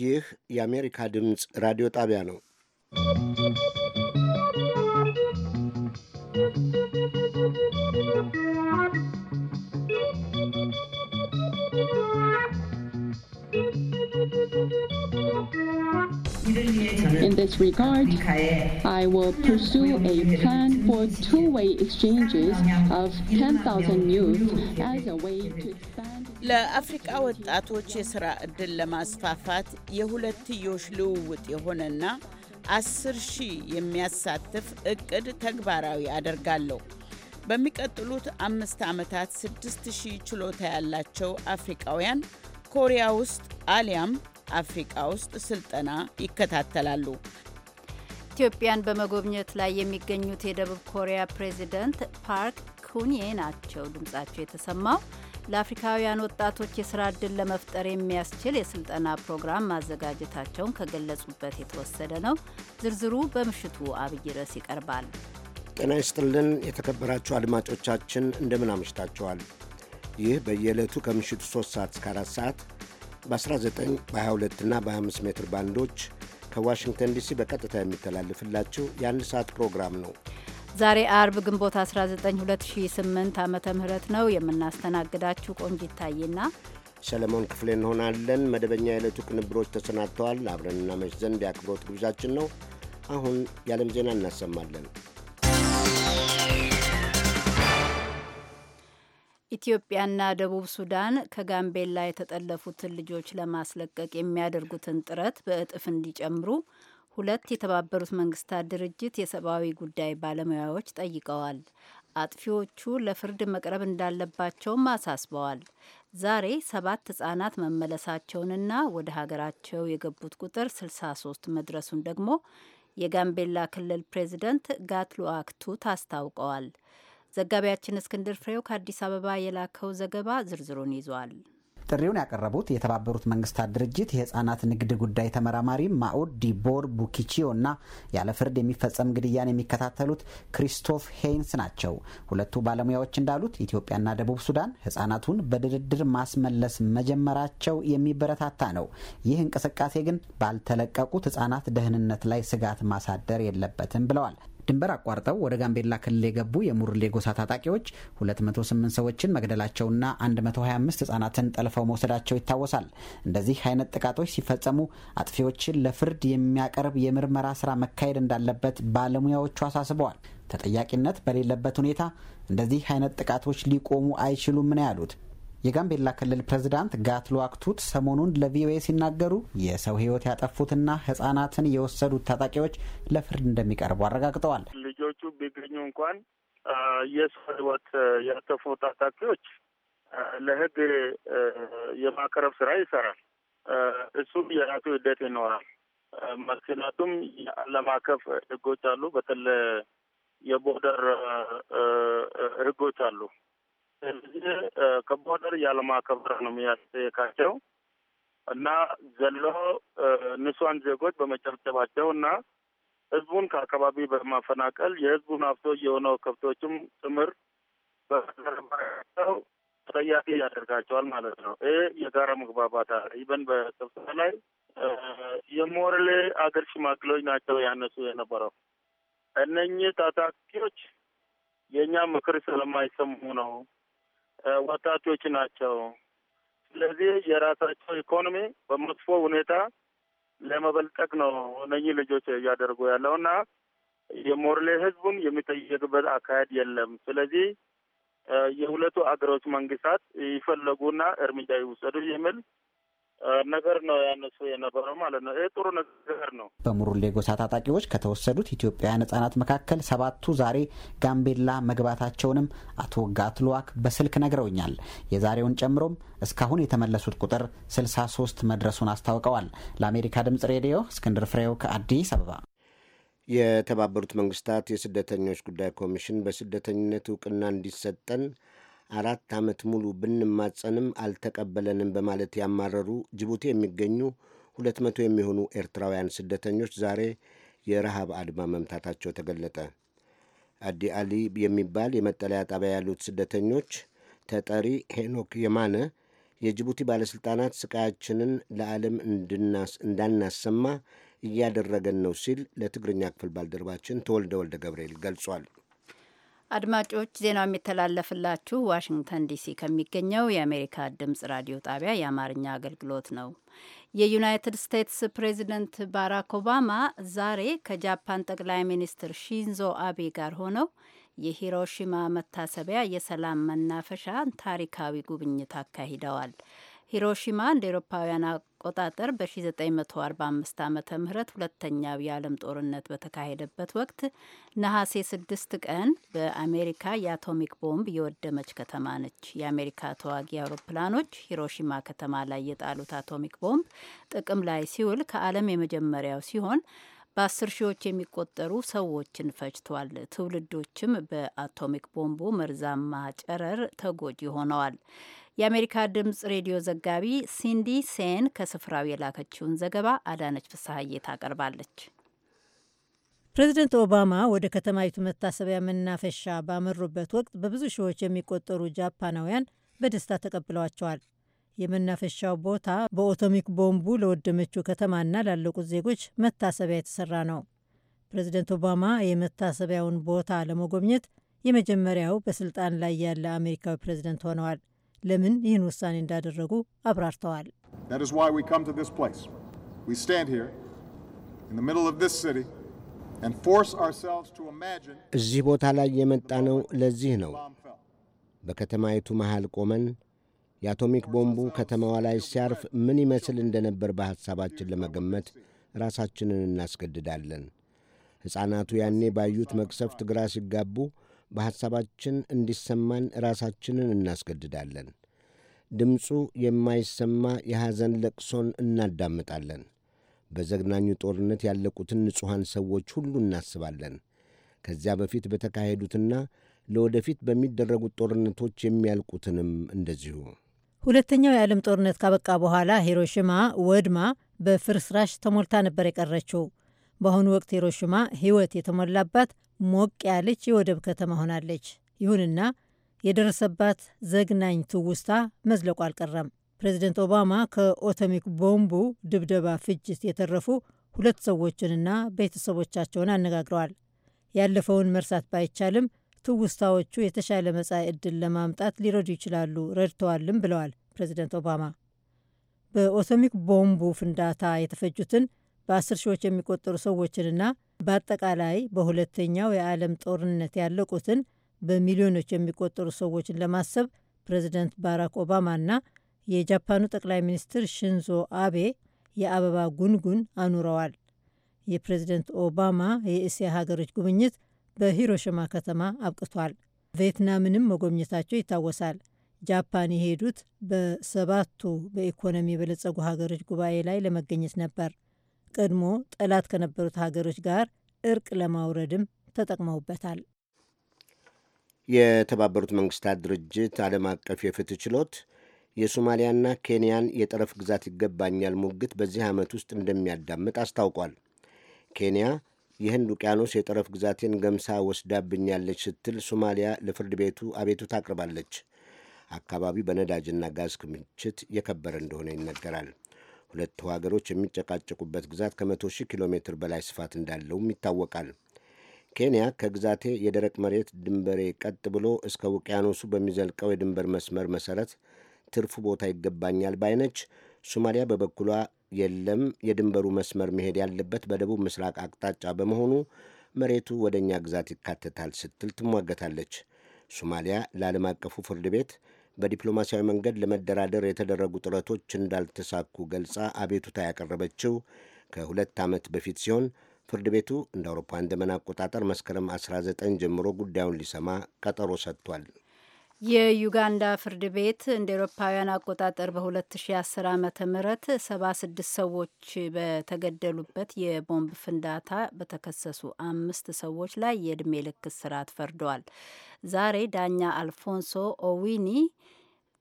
ይህ የአሜሪካ ድምፅ ራዲዮ ጣቢያ ነው። In this regard, I will pursue a plan for two-way exchanges of 10,000 youth as a way to expand ለአፍሪቃ ወጣቶች የሥራ ዕድል ለማስፋፋት የሁለትዮሽ ልውውጥ የሆነና አስር ሺህ የሚያሳትፍ እቅድ ተግባራዊ አደርጋለሁ። በሚቀጥሉት አምስት ዓመታት ስድስት ሺህ ችሎታ ያላቸው አፍሪቃውያን ኮሪያ ውስጥ አሊያም አፍሪቃ ውስጥ ስልጠና ይከታተላሉ። ኢትዮጵያን በመጎብኘት ላይ የሚገኙት የደቡብ ኮሪያ ፕሬዚደንት ፓርክ ኩንዬ ናቸው ድምጻቸው የተሰማው። ለአፍሪካውያን ወጣቶች የስራ እድል ለመፍጠር የሚያስችል የስልጠና ፕሮግራም ማዘጋጀታቸውን ከገለጹበት የተወሰደ ነው። ዝርዝሩ በምሽቱ አብይ ርዕስ ይቀርባል። ጤና ይስጥልን የተከበራችሁ አድማጮቻችን እንደምን አምሽታቸዋል? ይህ በየዕለቱ ከምሽቱ 3 ሰዓት እስከ 4 ሰዓት በ19 በ22 እና በ25 ሜትር ባንዶች ከዋሽንግተን ዲሲ በቀጥታ የሚተላለፍላችሁ የአንድ ሰዓት ፕሮግራም ነው። ዛሬ አርብ ግንቦት 19 2008 ዓመተ ምህረት ነው የምናስተናግዳችሁ ቆንጂት ታይና ሰለሞን ክፍሌ እንሆናለን። መደበኛ የዕለቱ ቅንብሮች ተሰናድተዋል። አብረን እናመሽ ዘንድ የአክብሮት ግብዣችን ነው። አሁን የዓለም ዜና እናሰማለን። ኢትዮጵያና ደቡብ ሱዳን ከጋምቤላ የተጠለፉትን ልጆች ለማስለቀቅ የሚያደርጉትን ጥረት በእጥፍ እንዲጨምሩ ሁለት የተባበሩት መንግስታት ድርጅት የሰብአዊ ጉዳይ ባለሙያዎች ጠይቀዋል። አጥፊዎቹ ለፍርድ መቅረብ እንዳለባቸውም አሳስበዋል። ዛሬ ሰባት ህጻናት መመለሳቸውንና ወደ ሀገራቸው የገቡት ቁጥር 63 መድረሱን ደግሞ የጋምቤላ ክልል ፕሬዚደንት ጋትሉአክ ቱት አስታውቀዋል። ዘጋቢያችን እስክንድር ፍሬው ከአዲስ አበባ የላከው ዘገባ ዝርዝሩን ይዟል። ጥሪውን ያቀረቡት የተባበሩት መንግስታት ድርጅት የህፃናት ንግድ ጉዳይ ተመራማሪ ማኡድ ዲቦር ቡኪቺዮ እና ያለ ፍርድ የሚፈጸም ግድያን የሚከታተሉት ክሪስቶፍ ሄይንስ ናቸው። ሁለቱ ባለሙያዎች እንዳሉት ኢትዮጵያና ደቡብ ሱዳን ህጻናቱን በድርድር ማስመለስ መጀመራቸው የሚበረታታ ነው። ይህ እንቅስቃሴ ግን ባልተለቀቁት ህጻናት ደህንነት ላይ ስጋት ማሳደር የለበትም ብለዋል። ድንበር አቋርጠው ወደ ጋምቤላ ክልል የገቡ የሙርሌ ጎሳ ታጣቂዎች 208 ሰዎችን መግደላቸውና 125 ህጻናትን ጠልፈው መውሰዳቸው ይታወሳል። እንደዚህ አይነት ጥቃቶች ሲፈጸሙ አጥፊዎችን ለፍርድ የሚያቀርብ የምርመራ ስራ መካሄድ እንዳለበት ባለሙያዎቹ አሳስበዋል። ተጠያቂነት በሌለበት ሁኔታ እንደዚህ አይነት ጥቃቶች ሊቆሙ አይችሉም ነው ያሉት የጋምቤላ ክልል ፕሬዝዳንት ጋትሎ አክቱት ሰሞኑን ለቪኦኤ ሲናገሩ የሰው ሕይወት ያጠፉትና ሕጻናትን የወሰዱት ታጣቂዎች ለፍርድ እንደሚቀርቡ አረጋግጠዋል። ልጆቹ ቢገኙ እንኳን የሰው ሕይወት ያጠፉ ታጣቂዎች ለሕግ የማቅረብ ስራ ይሰራል። እሱም የራሱ ሂደት ይኖራል። ምክንያቱም የዓለም አቀፍ ሕጎች አሉ። በተለይ የቦርደር ሕጎች አሉ። እዚህ ከቦርደር ያለማከበር ነው የሚያስጠየቃቸው እና ዘሎ ንሷን ዜጎች በመጨብጨባቸው እና ህዝቡን ከአካባቢ በማፈናቀል የህዝቡን ሀብቶች የሆነው ከብቶችም ጭምር በመረባቸው ተጠያቂ ያደርጋቸዋል ማለት ነው። ይህ የጋራ መግባባት ይበን በስብሰባ ላይ የሞርሌ አገር ሽማግሌዎች ናቸው ያነሱ የነበረው። እነኚህ ታታኪዎች የእኛ ምክር ስለማይሰሙ ነው ወጣቶች ናቸው። ስለዚህ የራሳቸው ኢኮኖሚ በመጥፎ ሁኔታ ለመበልጠቅ ነው እነኚህ ልጆች እያደርጉ ያለውና የሞርሌ ህዝቡን የሚጠየቅበት አካሄድ የለም። ስለዚህ የሁለቱ አገሮች መንግስታት ይፈለጉና እርምጃ ይውሰዱ የሚል ነገር ነው ያነሱ የነበረው ማለት ነው። ይህ ጥሩ ነገር ነው። በሙሩሌ ጎሳ ታጣቂዎች ከተወሰዱት ኢትዮጵያውያን ህጻናት መካከል ሰባቱ ዛሬ ጋምቤላ መግባታቸውንም አቶ ጋትሉዋክ በስልክ ነግረውኛል። የዛሬውን ጨምሮም እስካሁን የተመለሱት ቁጥር ስልሳ ሶስት መድረሱን አስታውቀዋል። ለአሜሪካ ድምጽ ሬዲዮ እስክንድር ፍሬው ከአዲስ አበባ። የተባበሩት መንግስታት የስደተኞች ጉዳይ ኮሚሽን በስደተኝነት እውቅና እንዲሰጠን አራት ዓመት ሙሉ ብንማጸንም አልተቀበለንም በማለት ያማረሩ ጅቡቲ የሚገኙ ሁለት መቶ የሚሆኑ ኤርትራውያን ስደተኞች ዛሬ የረሃብ አድማ መምታታቸው ተገለጠ። አዲ አሊ የሚባል የመጠለያ ጣቢያ ያሉት ስደተኞች ተጠሪ ሄኖክ የማነ የጅቡቲ ባለሥልጣናት ስቃያችንን ለዓለም እንዳናሰማ እያደረገን ነው ሲል ለትግርኛ ክፍል ባልደረባችን ተወልደ ወልደ ገብርኤል ገልጿል። አድማጮች ዜናው የሚተላለፍላችሁ ዋሽንግተን ዲሲ ከሚገኘው የአሜሪካ ድምጽ ራዲዮ ጣቢያ የአማርኛ አገልግሎት ነው። የዩናይትድ ስቴትስ ፕሬዚደንት ባራክ ኦባማ ዛሬ ከጃፓን ጠቅላይ ሚኒስትር ሺንዞ አቤ ጋር ሆነው የሂሮሺማ መታሰቢያ የሰላም መናፈሻ ታሪካዊ ጉብኝት አካሂደዋል። ሂሮሺማ እንደ ኤሮፓውያን አቆጣጠር በ1945 ዓ ም ሁለተኛው የዓለም ጦርነት በተካሄደበት ወቅት ነሐሴ 6 ቀን በአሜሪካ የአቶሚክ ቦምብ የወደመች ከተማ ነች። የአሜሪካ ተዋጊ አውሮፕላኖች ሂሮሺማ ከተማ ላይ የጣሉት አቶሚክ ቦምብ ጥቅም ላይ ሲውል ከዓለም የመጀመሪያው ሲሆን በአስር ሺዎች የሚቆጠሩ ሰዎችን ፈጅቷል። ትውልዶችም በአቶሚክ ቦምቡ መርዛማ ጨረር ተጎጂ ሆነዋል። የአሜሪካ ድምፅ ሬዲዮ ዘጋቢ ሲንዲ ሴን ከስፍራው የላከችውን ዘገባ አዳነች ፍስሐዬ ታቀርባለች። ፕሬዚደንት ኦባማ ወደ ከተማይቱ መታሰቢያ መናፈሻ ባመሩበት ወቅት በብዙ ሺዎች የሚቆጠሩ ጃፓናውያን በደስታ ተቀብለዋቸዋል። የመናፈሻው ቦታ በኦቶሚክ ቦምቡ ለወደመችው ከተማና ላለቁት ዜጎች መታሰቢያ የተሰራ ነው። ፕሬዚደንት ኦባማ የመታሰቢያውን ቦታ ለመጎብኘት የመጀመሪያው በስልጣን ላይ ያለ አሜሪካዊ ፕሬዚደንት ሆነዋል። ለምን ይህን ውሳኔ እንዳደረጉ አብራርተዋል። እዚህ ቦታ ላይ የመጣነው ለዚህ ነው። በከተማይቱ መሃል ቆመን የአቶሚክ ቦምቡ ከተማዋ ላይ ሲያርፍ ምን ይመስል እንደነበር በሐሳባችን ለመገመት ራሳችንን እናስገድዳለን። ሕፃናቱ ያኔ ባዩት መቅሰፍት ግራ ሲጋቡ በሐሳባችን እንዲሰማን ራሳችንን እናስገድዳለን። ድምፁ የማይሰማ የሐዘን ለቅሶን እናዳምጣለን። በዘግናኙ ጦርነት ያለቁትን ንጹሐን ሰዎች ሁሉ እናስባለን። ከዚያ በፊት በተካሄዱትና ለወደፊት በሚደረጉት ጦርነቶች የሚያልቁትንም እንደዚሁ። ሁለተኛው የዓለም ጦርነት ካበቃ በኋላ ሂሮሽማ ወድማ በፍርስራሽ ተሞልታ ነበር የቀረችው። በአሁኑ ወቅት ሂሮሽማ ሕይወት የተሞላባት ሞቅ ያለች የወደብ ከተማ ሆናለች። ይሁንና የደረሰባት ዘግናኝ ትውስታ መዝለቁ አልቀረም። ፕሬዚደንት ኦባማ ከኦቶሚክ ቦምቡ ድብደባ ፍጅት የተረፉ ሁለት ሰዎችንና ቤተሰቦቻቸውን አነጋግረዋል። ያለፈውን መርሳት ባይቻልም ትውስታዎቹ የተሻለ መጻኢ ዕድል ለማምጣት ሊረዱ ይችላሉ፣ ረድተዋልም ብለዋል ፕሬዚደንት ኦባማ። በኦቶሚክ ቦምቡ ፍንዳታ የተፈጁትን በአስር ሺዎች የሚቆጠሩ ሰዎችንና በአጠቃላይ በሁለተኛው የዓለም ጦርነት ያለቁትን በሚሊዮኖች የሚቆጠሩ ሰዎችን ለማሰብ ፕሬዚደንት ባራክ ኦባማና የጃፓኑ ጠቅላይ ሚኒስትር ሽንዞ አቤ የአበባ ጉንጉን አኑረዋል። የፕሬዚደንት ኦባማ የእስያ ሀገሮች ጉብኝት በሂሮሽማ ከተማ አብቅቷል። ቪየትናምንም መጎብኘታቸው ይታወሳል። ጃፓን የሄዱት በሰባቱ በኢኮኖሚ የበለጸጉ ሀገሮች ጉባኤ ላይ ለመገኘት ነበር። ቀድሞ ጠላት ከነበሩት ሀገሮች ጋር እርቅ ለማውረድም ተጠቅመውበታል። የተባበሩት መንግስታት ድርጅት ዓለም አቀፍ የፍትህ ችሎት የሶማሊያና ኬንያን የጠረፍ ግዛት ይገባኛል ሙግት በዚህ ዓመት ውስጥ እንደሚያዳምጥ አስታውቋል። ኬንያ የህንድ ውቅያኖስ የጠረፍ ግዛቴን ገምሳ ወስዳብኛለች ስትል ሶማሊያ ለፍርድ ቤቱ አቤቱታ አቅርባለች። አካባቢው በነዳጅና ጋዝ ክምችት የከበረ እንደሆነ ይነገራል። ሁለቱ ሀገሮች የሚጨቃጨቁበት ግዛት ከመቶ ሺህ ኪሎ ሜትር በላይ ስፋት እንዳለውም ይታወቃል። ኬንያ ከግዛቴ የደረቅ መሬት ድንበሬ ቀጥ ብሎ እስከ ውቅያኖሱ በሚዘልቀው የድንበር መስመር መሰረት ትርፉ ቦታ ይገባኛል ባይነች፣ ሶማሊያ በበኩሏ የለም የድንበሩ መስመር መሄድ ያለበት በደቡብ ምስራቅ አቅጣጫ በመሆኑ መሬቱ ወደ እኛ ግዛት ይካተታል ስትል ትሟገታለች። ሶማሊያ ለዓለም አቀፉ ፍርድ ቤት በዲፕሎማሲያዊ መንገድ ለመደራደር የተደረጉ ጥረቶች እንዳልተሳኩ ገልጻ አቤቱታ ያቀረበችው ከሁለት ዓመት በፊት ሲሆን ፍርድ ቤቱ እንደ አውሮፓውያን ዘመን አቆጣጠር መስከረም 19 ጀምሮ ጉዳዩን ሊሰማ ቀጠሮ ሰጥቷል። የዩጋንዳ ፍርድ ቤት እንደ ኤሮፓውያን አቆጣጠር በ2010 ዓ ም 76 ሰዎች በተገደሉበት የቦምብ ፍንዳታ በተከሰሱ አምስት ሰዎች ላይ የእድሜ ልክ እስራት ፈርደዋል። ዛሬ ዳኛ አልፎንሶ ኦዊኒ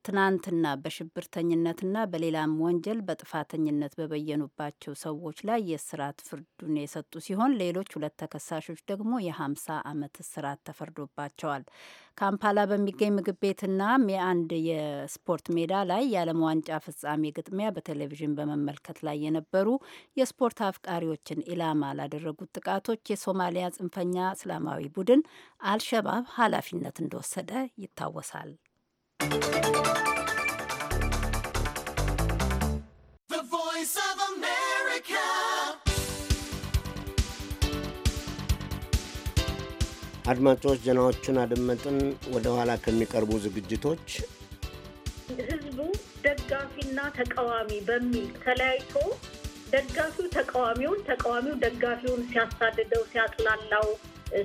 ትናንትና በሽብርተኝነትና በሌላም ወንጀል በጥፋተኝነት በበየኑባቸው ሰዎች ላይ የእስራት ፍርዱን የሰጡ ሲሆን ሌሎች ሁለት ተከሳሾች ደግሞ የ50 ዓመት እስራት ተፈርዶባቸዋል። ካምፓላ በሚገኝ ምግብ ቤትና የአንድ የስፖርት ሜዳ ላይ የዓለም ዋንጫ ፍጻሜ ግጥሚያ በቴሌቪዥን በመመልከት ላይ የነበሩ የስፖርት አፍቃሪዎችን ኢላማ ላደረጉት ጥቃቶች የሶማሊያ ጽንፈኛ እስላማዊ ቡድን አልሸባብ ኃላፊነት እንደወሰደ ይታወሳል። አድማጮች ዜናዎቹን አደመጥን። ወደ ኋላ ከሚቀርቡ ዝግጅቶች ህዝቡ ደጋፊና ተቃዋሚ በሚል ተለያይቶ ደጋፊው ተቃዋሚውን፣ ተቃዋሚው ደጋፊውን ሲያሳድደው ሲያጥላላው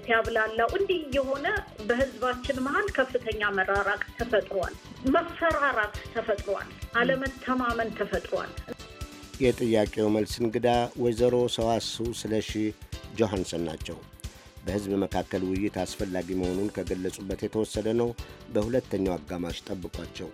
ሲያብላላው እንዲህ የሆነ በህዝባችን መሀል ከፍተኛ መራራቅ ተፈጥሯል። መፈራራት ተፈጥሯል። አለመተማመን ተፈጥሯል። የጥያቄው መልስ እንግዳ ወይዘሮ ሰዋሱ ስለሺ ጆሐንሰን ናቸው። በህዝብ መካከል ውይይት አስፈላጊ መሆኑን ከገለጹበት የተወሰደ ነው። በሁለተኛው አጋማሽ ጠብቋቸው።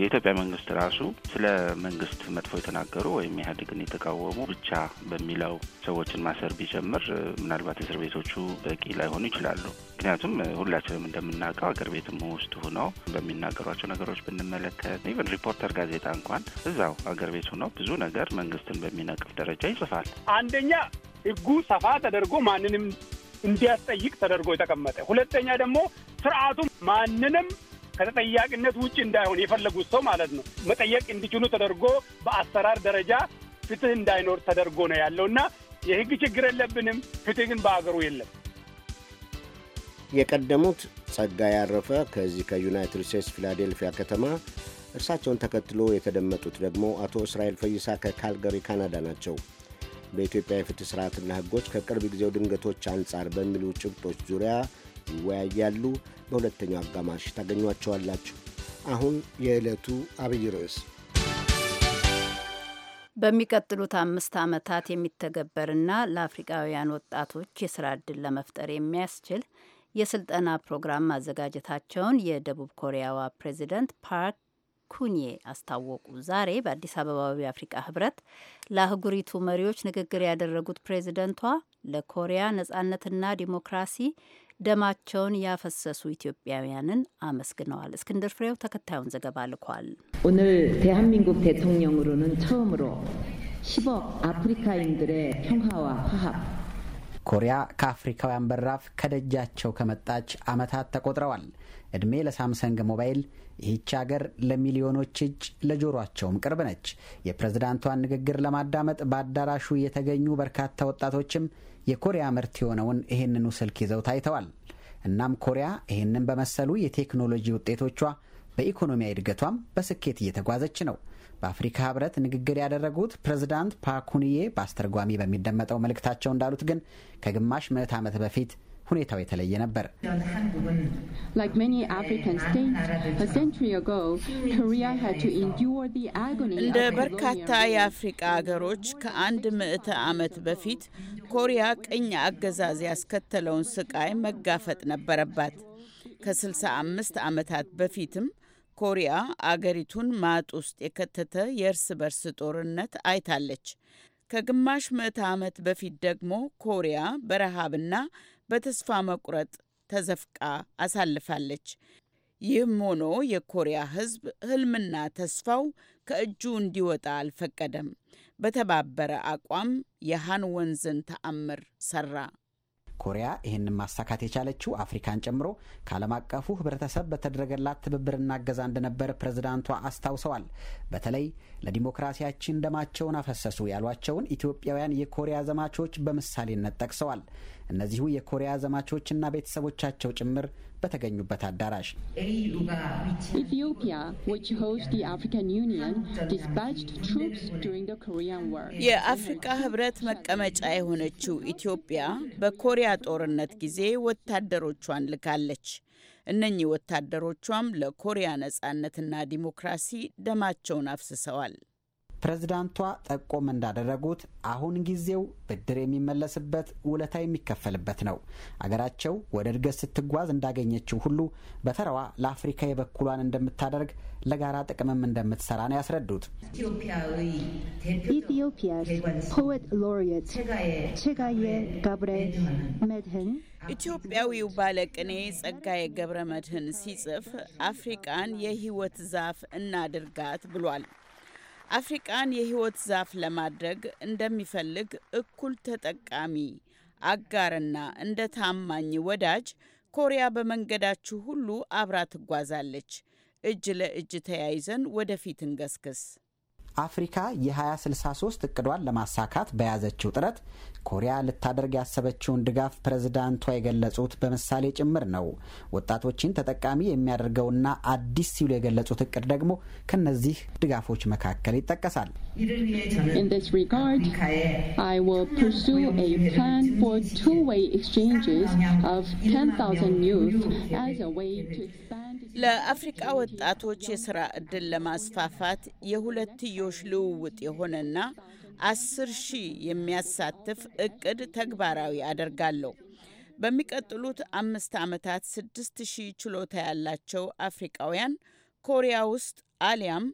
የኢትዮጵያ መንግስት ራሱ ስለ መንግስት መጥፎ የተናገሩ ወይም ኢህአዴግን የተቃወሙ ብቻ በሚለው ሰዎችን ማሰር ቢጀምር ምናልባት እስር ቤቶቹ በቂ ላይሆኑ ይችላሉ። ምክንያቱም ሁላችንም እንደምናውቀው አገር ቤትም ውስጥ ሁነው በሚናገሯቸው ነገሮች ብንመለከት ኢቨን ሪፖርተር ጋዜጣ እንኳን እዛው አገር ቤት ሁነው ብዙ ነገር መንግስትን በሚነቅፍ ደረጃ ይጽፋል። አንደኛ ህጉ ሰፋ ተደርጎ ማንንም እንዲያስጠይቅ ተደርጎ የተቀመጠ፣ ሁለተኛ ደግሞ ስርዓቱ ማንንም ከተጠያቂነት ውጭ እንዳይሆን የፈለጉት ሰው ማለት ነው መጠየቅ እንዲችሉ ተደርጎ በአሰራር ደረጃ ፍትህ እንዳይኖር ተደርጎ ነው ያለው እና የህግ ችግር የለብንም። ፍትህ ግን በአገሩ የለም። የቀደሙት ጸጋ ያረፈ ከዚህ ከዩናይትድ ስቴትስ ፊላዴልፊያ ከተማ፣ እርሳቸውን ተከትሎ የተደመጡት ደግሞ አቶ እስራኤል ፈይሳ ከካልገሪ ካናዳ ናቸው። በኢትዮጵያ የፍትህ ሥርዓትና ህጎች ከቅርብ ጊዜው ድንገቶች አንጻር በሚሉ ጭብጦች ዙሪያ ይወያያሉ። በሁለተኛው አጋማሽ ታገኟቸዋላችሁ። አሁን የዕለቱ አብይ ርዕስ በሚቀጥሉት አምስት ዓመታት የሚተገበርና ለአፍሪቃውያን ወጣቶች የስራ ዕድል ለመፍጠር የሚያስችል የስልጠና ፕሮግራም ማዘጋጀታቸውን የደቡብ ኮሪያዋ ፕሬዚደንት ፓርክ ኩኜ አስታወቁ። ዛሬ በአዲስ አበባዊ የአፍሪቃ ህብረት ለአህጉሪቱ መሪዎች ንግግር ያደረጉት ፕሬዚደንቷ ለኮሪያ ነጻነትና ዲሞክራሲ ደማቸውን ያፈሰሱ ኢትዮጵያውያንን አመስግነዋል። እስክንድር ፍሬው ተከታዩን ዘገባ ልኳል። 오늘 대한민국 대통령으로는 처음으로 10억 አፍሪካ인들의 평화와 화합 ኮሪያ ከአፍሪካውያን በራፍ ከደጃቸው ከመጣች ዓመታት ተቆጥረዋል። ዕድሜ ለሳምሰንግ ሞባይል ይህች ሀገር ለሚሊዮኖች እጅ ለጆሯቸውም ቅርብ ነች። የፕሬዝዳንቷን ንግግር ለማዳመጥ በአዳራሹ የተገኙ በርካታ ወጣቶችም የኮሪያ ምርት የሆነውን ይህንኑ ስልክ ይዘው ታይተዋል። እናም ኮሪያ ይህንን በመሰሉ የቴክኖሎጂ ውጤቶቿ በኢኮኖሚያዊ እድገቷም በስኬት እየተጓዘች ነው። በአፍሪካ ህብረት ንግግር ያደረጉት ፕሬዝዳንት ፓኩንዬ በአስተርጓሚ በሚደመጠው መልእክታቸው እንዳሉት ግን ከግማሽ ምዕት ዓመት በፊት ሁኔታው የተለየ ነበር። እንደ በርካታ የአፍሪቃ አገሮች ከአንድ ምዕተ ዓመት በፊት ኮሪያ ቅኝ አገዛዝ ያስከተለውን ስቃይ መጋፈጥ ነበረባት። ከ65 ዓመታት በፊትም ኮሪያ አገሪቱን ማጥ ውስጥ የከተተ የእርስ በርስ ጦርነት አይታለች። ከግማሽ ምዕተ ዓመት በፊት ደግሞ ኮሪያ በረሃብና በተስፋ መቁረጥ ተዘፍቃ አሳልፋለች። ይህም ሆኖ የኮሪያ ሕዝብ ህልምና ተስፋው ከእጁ እንዲወጣ አልፈቀደም። በተባበረ አቋም የሃን ወንዝን ተአምር ሰራ። ኮሪያ ይህንን ማሳካት የቻለችው አፍሪካን ጨምሮ ከዓለም አቀፉ ህብረተሰብ በተደረገላት ትብብርና እገዛ እንደነበር ፕሬዝዳንቷ አስታውሰዋል። በተለይ ለዲሞክራሲያችን ደማቸውን አፈሰሱ ያሏቸውን ኢትዮጵያውያን የኮሪያ ዘማቾች በምሳሌነት ጠቅሰዋል። እነዚሁ የኮሪያ ዘማቾችና ቤተሰቦቻቸው ጭምር በተገኙበት አዳራሽ የአፍሪካ ህብረት መቀመጫ የሆነችው ኢትዮጵያ በኮሪያ ጦርነት ጊዜ ወታደሮቿን ልካለች። እነኚህ ወታደሮቿም ለኮሪያ ነጻነትና ዲሞክራሲ ደማቸውን አፍስሰዋል። ፕሬዝዳንቷ ጠቆም እንዳደረጉት አሁን ጊዜው ብድር የሚመለስበት ውለታ የሚከፈልበት ነው። አገራቸው ወደ እድገት ስትጓዝ እንዳገኘችው ሁሉ በተራዋ ለአፍሪካ የበኩሏን እንደምታደርግ ለጋራ ጥቅምም እንደምትሰራ ነው ያስረዱት። ኢትዮጵያ ፖት ቸጋዬ ገብረ መድህን ኢትዮጵያዊው ባለቅኔ ጸጋዬ ገብረ መድህን ሲጽፍ አፍሪቃን የህይወት ዛፍ እናድርጋት ብሏል። አፍሪቃን የህይወት ዛፍ ለማድረግ እንደሚፈልግ እኩል ተጠቃሚ አጋርና እንደ ታማኝ ወዳጅ ኮሪያ በመንገዳችሁ ሁሉ አብራ ትጓዛለች። እጅ ለእጅ ተያይዘን ወደፊት እንገስግስ። አፍሪካ የ2063 እቅዷን ለማሳካት በያዘችው ጥረት ኮሪያ ልታደርግ ያሰበችውን ድጋፍ ፕሬዝዳንቷ የገለጹት በምሳሌ ጭምር ነው። ወጣቶችን ተጠቃሚ የሚያደርገውና አዲስ ሲሉ የገለጹት እቅድ ደግሞ ከነዚህ ድጋፎች መካከል ይጠቀሳል። ፕላን ለአፍሪቃ ወጣቶች የስራ ዕድል ለማስፋፋት የሁለትዮሽ ልውውጥ የሆነና አስር ሺህ የሚያሳትፍ እቅድ ተግባራዊ አደርጋለሁ። በሚቀጥሉት አምስት ዓመታት ስድስት ሺህ ችሎታ ያላቸው አፍሪቃውያን ኮሪያ ውስጥ አሊያም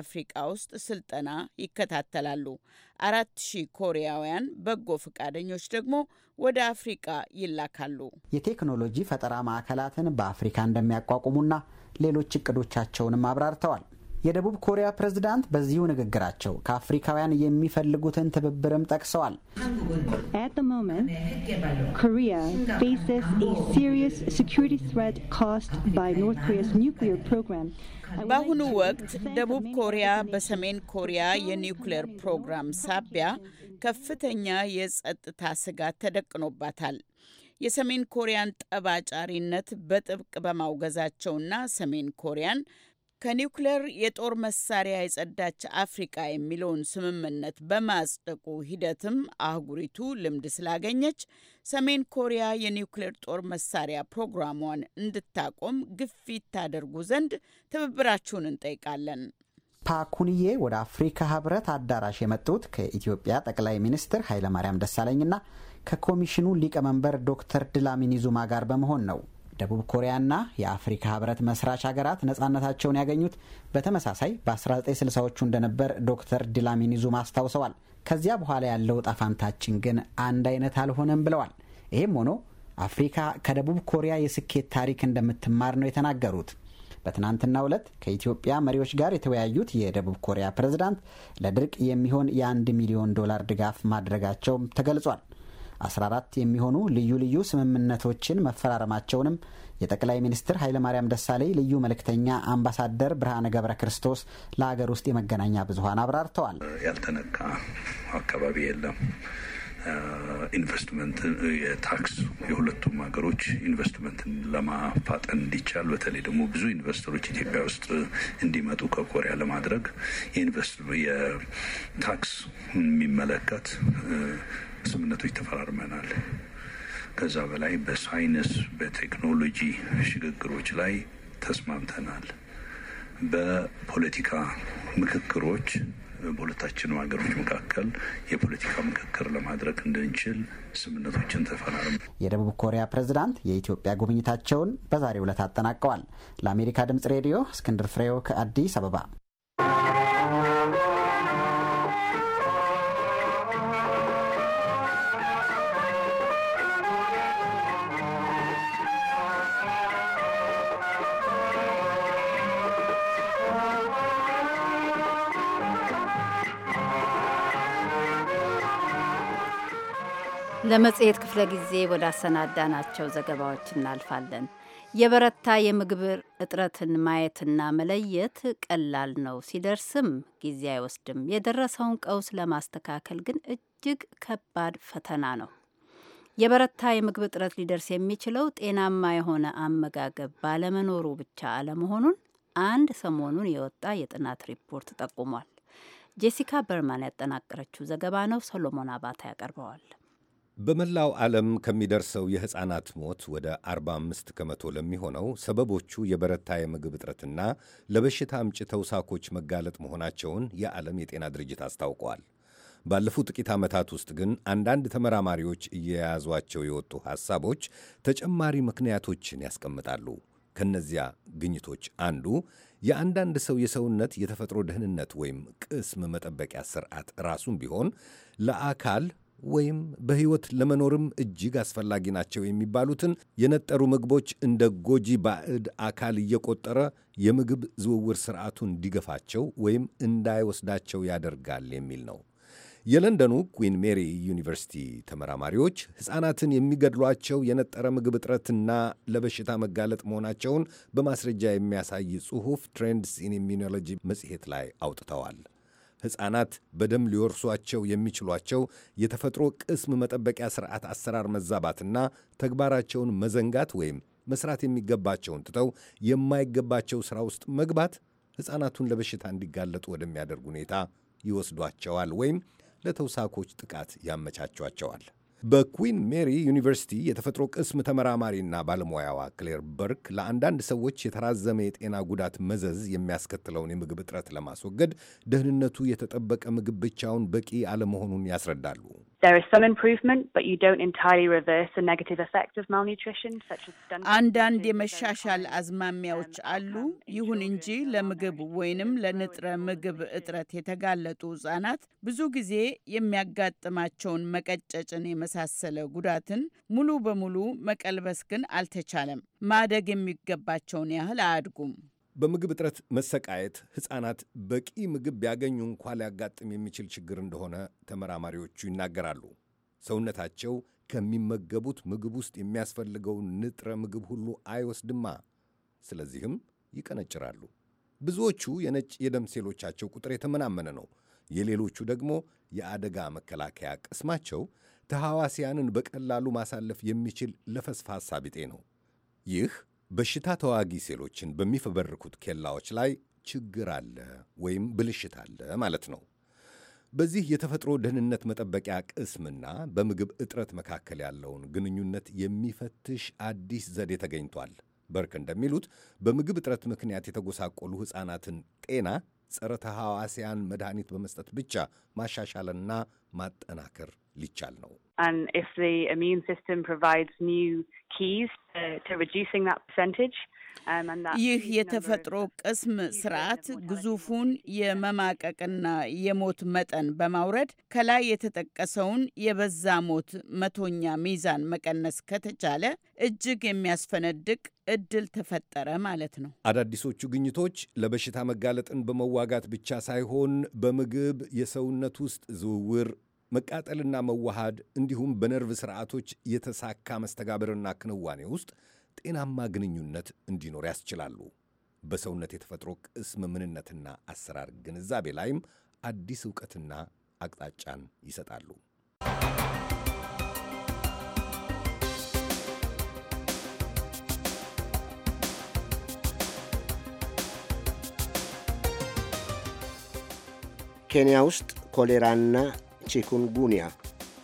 አፍሪቃ ውስጥ ስልጠና ይከታተላሉ። አራት ሺህ ኮሪያውያን በጎ ፈቃደኞች ደግሞ ወደ አፍሪቃ ይላካሉ። የቴክኖሎጂ ፈጠራ ማዕከላትን በአፍሪካ እንደሚያቋቁሙና ሌሎች እቅዶቻቸውንም አብራርተዋል። የደቡብ ኮሪያ ፕሬዝዳንት በዚሁ ንግግራቸው ከአፍሪካውያን የሚፈልጉትን ትብብርም ጠቅሰዋል። በአሁኑ ወቅት ደቡብ ኮሪያ በሰሜን ኮሪያ የኒውክሌር ፕሮግራም ሳቢያ ከፍተኛ የጸጥታ ስጋት ተደቅኖባታል። የሰሜን ኮሪያን ጠባጫሪነት በጥብቅ በማውገዛቸውና ሰሜን ኮሪያን ከኒውክሌር የጦር መሳሪያ የጸዳች አፍሪቃ የሚለውን ስምምነት በማጽደቁ ሂደትም አህጉሪቱ ልምድ ስላገኘች ሰሜን ኮሪያ የኒውክሌር ጦር መሳሪያ ፕሮግራሟን እንድታቆም ግፊት ታደርጉ ዘንድ ትብብራችሁን እንጠይቃለን። ፓኩንዬ ወደ አፍሪካ ህብረት አዳራሽ የመጡት ከኢትዮጵያ ጠቅላይ ሚኒስትር ኃይለማርያም ደሳለኝና ከኮሚሽኑ ሊቀመንበር ዶክተር ድላሚኒ ዙማ ጋር በመሆን ነው። ደቡብ ኮሪያና የአፍሪካ ህብረት መስራች ሀገራት ነፃነታቸውን ያገኙት በተመሳሳይ በ1960ዎቹ እንደነበር ዶክተር ዲላሚኒ ዙማ አስታውሰዋል። ከዚያ በኋላ ያለው ጣፋንታችን ግን አንድ አይነት አልሆነም ብለዋል። ይህም ሆኖ አፍሪካ ከደቡብ ኮሪያ የስኬት ታሪክ እንደምትማር ነው የተናገሩት። በትናንትና ዕለት ከኢትዮጵያ መሪዎች ጋር የተወያዩት የደቡብ ኮሪያ ፕሬዝዳንት ለድርቅ የሚሆን የአንድ ሚሊዮን ዶላር ድጋፍ ማድረጋቸውም ተገልጿል። 14 የሚሆኑ ልዩ ልዩ ስምምነቶችን መፈራረማቸውንም የጠቅላይ ሚኒስትር ኃይለማርያም ደሳለኝ ልዩ መልእክተኛ አምባሳደር ብርሃነ ገብረ ክርስቶስ ለሀገር ውስጥ የመገናኛ ብዙኃን አብራርተዋል። ያልተነካ አካባቢ የለም። ኢንቨስትመንት የታክስ የሁለቱም ሀገሮች ኢንቨስትመንትን ለማፋጠን እንዲቻል በተለይ ደግሞ ብዙ ኢንቨስተሮች ኢትዮጵያ ውስጥ እንዲመጡ ከኮሪያ ለማድረግ የታክስ የሚመለከት ስምምነቶች ተፈራርመናል። ከዛ በላይ በሳይንስ በቴክኖሎጂ ሽግግሮች ላይ ተስማምተናል። በፖለቲካ ምክክሮች በሁለታችን ሀገሮች መካከል የፖለቲካ ምክክር ለማድረግ እንድንችል ስምምነቶችን ተፈራርመ የደቡብ ኮሪያ ፕሬዝዳንት የኢትዮጵያ ጉብኝታቸውን በዛሬው ዕለት አጠናቀዋል። ለአሜሪካ ድምጽ ሬዲዮ እስክንድር ፍሬው ከአዲስ አበባ ለመጽሔት ክፍለ ጊዜ ወደ ዘገባዎች እናልፋለን። የበረታ የምግብ እጥረትን ማየትና መለየት ቀላል ነው፣ ሲደርስም ጊዜ አይወስድም። የደረሰውን ቀውስ ለማስተካከል ግን እጅግ ከባድ ፈተና ነው። የበረታ የምግብ እጥረት ሊደርስ የሚችለው ጤናማ የሆነ አመጋገብ ባለመኖሩ ብቻ አለመሆኑን አንድ ሰሞኑን የወጣ የጥናት ሪፖርት ጠቁሟል። ጄሲካ በርማን ያጠናቀረችው ዘገባ ነው። ሰሎሞን አባታ ያቀርበዋል። በመላው ዓለም ከሚደርሰው የሕፃናት ሞት ወደ 45 ከመቶ ለሚሆነው ሰበቦቹ የበረታ የምግብ እጥረትና ለበሽታ አምጪ ተውሳኮች መጋለጥ መሆናቸውን የዓለም የጤና ድርጅት አስታውቋል። ባለፉት ጥቂት ዓመታት ውስጥ ግን አንዳንድ ተመራማሪዎች እየያዟቸው የወጡ ሐሳቦች ተጨማሪ ምክንያቶችን ያስቀምጣሉ። ከነዚያ ግኝቶች አንዱ የአንዳንድ ሰው የሰውነት የተፈጥሮ ደህንነት ወይም ቅስም መጠበቂያ ስርዓት ራሱን ቢሆን ለአካል ወይም በሕይወት ለመኖርም እጅግ አስፈላጊ ናቸው የሚባሉትን የነጠሩ ምግቦች እንደ ጎጂ ባዕድ አካል እየቆጠረ የምግብ ዝውውር ሥርዓቱ እንዲገፋቸው ወይም እንዳይወስዳቸው ያደርጋል የሚል ነው። የለንደኑ ኩዊን ሜሪ ዩኒቨርሲቲ ተመራማሪዎች ሕፃናትን የሚገድሏቸው የነጠረ ምግብ እጥረትና ለበሽታ መጋለጥ መሆናቸውን በማስረጃ የሚያሳይ ጽሑፍ ትሬንድስ ኢን ኢሚኖሎጂ መጽሔት ላይ አውጥተዋል። ሕፃናት በደም ሊወርሷቸው የሚችሏቸው የተፈጥሮ ቅስም መጠበቂያ ስርዓት አሰራር መዛባትና ተግባራቸውን መዘንጋት ወይም መስራት የሚገባቸውን ትተው የማይገባቸው ሥራ ውስጥ መግባት ሕፃናቱን ለበሽታ እንዲጋለጡ ወደሚያደርግ ሁኔታ ይወስዷቸዋል ወይም ለተውሳኮች ጥቃት ያመቻቿቸዋል። በኩዊን ሜሪ ዩኒቨርሲቲ የተፈጥሮ ቅስም ተመራማሪና ባለሙያዋ ክሌር በርክ ለአንዳንድ ሰዎች የተራዘመ የጤና ጉዳት መዘዝ የሚያስከትለውን የምግብ እጥረት ለማስወገድ ደህንነቱ የተጠበቀ ምግብ ብቻውን በቂ አለመሆኑን ያስረዳሉ። አንዳንድ የመሻሻል አዝማሚያዎች um, አሉ። ይሁን እንጂ ለምግብ ወይንም ለንጥረ ምግብ እጥረት የተጋለጡ ህጻናት ብዙ ጊዜ የሚያጋጥማቸውን መቀጨጭን የመሳሰለ ጉዳትን ሙሉ በሙሉ መቀልበስ ግን አልተቻለም። ማደግ የሚገባቸውን ያህል አያድጉም። በምግብ እጥረት መሰቃየት ሕፃናት በቂ ምግብ ቢያገኙ እንኳ ሊያጋጥም የሚችል ችግር እንደሆነ ተመራማሪዎቹ ይናገራሉ። ሰውነታቸው ከሚመገቡት ምግብ ውስጥ የሚያስፈልገውን ንጥረ ምግብ ሁሉ አይወስድማ። ስለዚህም ይቀነጭራሉ። ብዙዎቹ የነጭ የደም ሴሎቻቸው ቁጥር የተመናመነ ነው። የሌሎቹ ደግሞ የአደጋ መከላከያ ቅስማቸው ተሐዋስያንን በቀላሉ ማሳለፍ የሚችል ለፈስፋሳ ቢጤ ነው። ይህ በሽታ ተዋጊ ሴሎችን በሚፈበርኩት ኬላዎች ላይ ችግር አለ ወይም ብልሽት አለ ማለት ነው። በዚህ የተፈጥሮ ደህንነት መጠበቂያ ቅስምና በምግብ እጥረት መካከል ያለውን ግንኙነት የሚፈትሽ አዲስ ዘዴ ተገኝቷል። በርክ እንደሚሉት በምግብ እጥረት ምክንያት የተጎሳቆሉ ሕፃናትን ጤና ጸረ ተሐዋስያን መድኃኒት በመስጠት ብቻ ማሻሻልና ማጠናከር ሊቻል ነው። um, ይህ የተፈጥሮ ቅስም ስርዓት ግዙፉን የመማቀቅና የሞት መጠን በማውረድ ከላይ የተጠቀሰውን የበዛ ሞት መቶኛ ሚዛን መቀነስ ከተቻለ እጅግ የሚያስፈነድቅ እድል ተፈጠረ ማለት ነው። አዳዲሶቹ ግኝቶች ለበሽታ መጋለጥን በመዋጋት ብቻ ሳይሆን በምግብ የሰውነት ውስጥ ዝውውር መቃጠልና መዋሃድ እንዲሁም በነርቭ ስርዓቶች የተሳካ መስተጋብርና ክንዋኔ ውስጥ ጤናማ ግንኙነት እንዲኖር ያስችላሉ። በሰውነት የተፈጥሮ ቅስም ምንነትና አሰራር ግንዛቤ ላይም አዲስ እውቀትና አቅጣጫን ይሰጣሉ። ኬንያ ውስጥ ኮሌራና ቺኩንጉንያ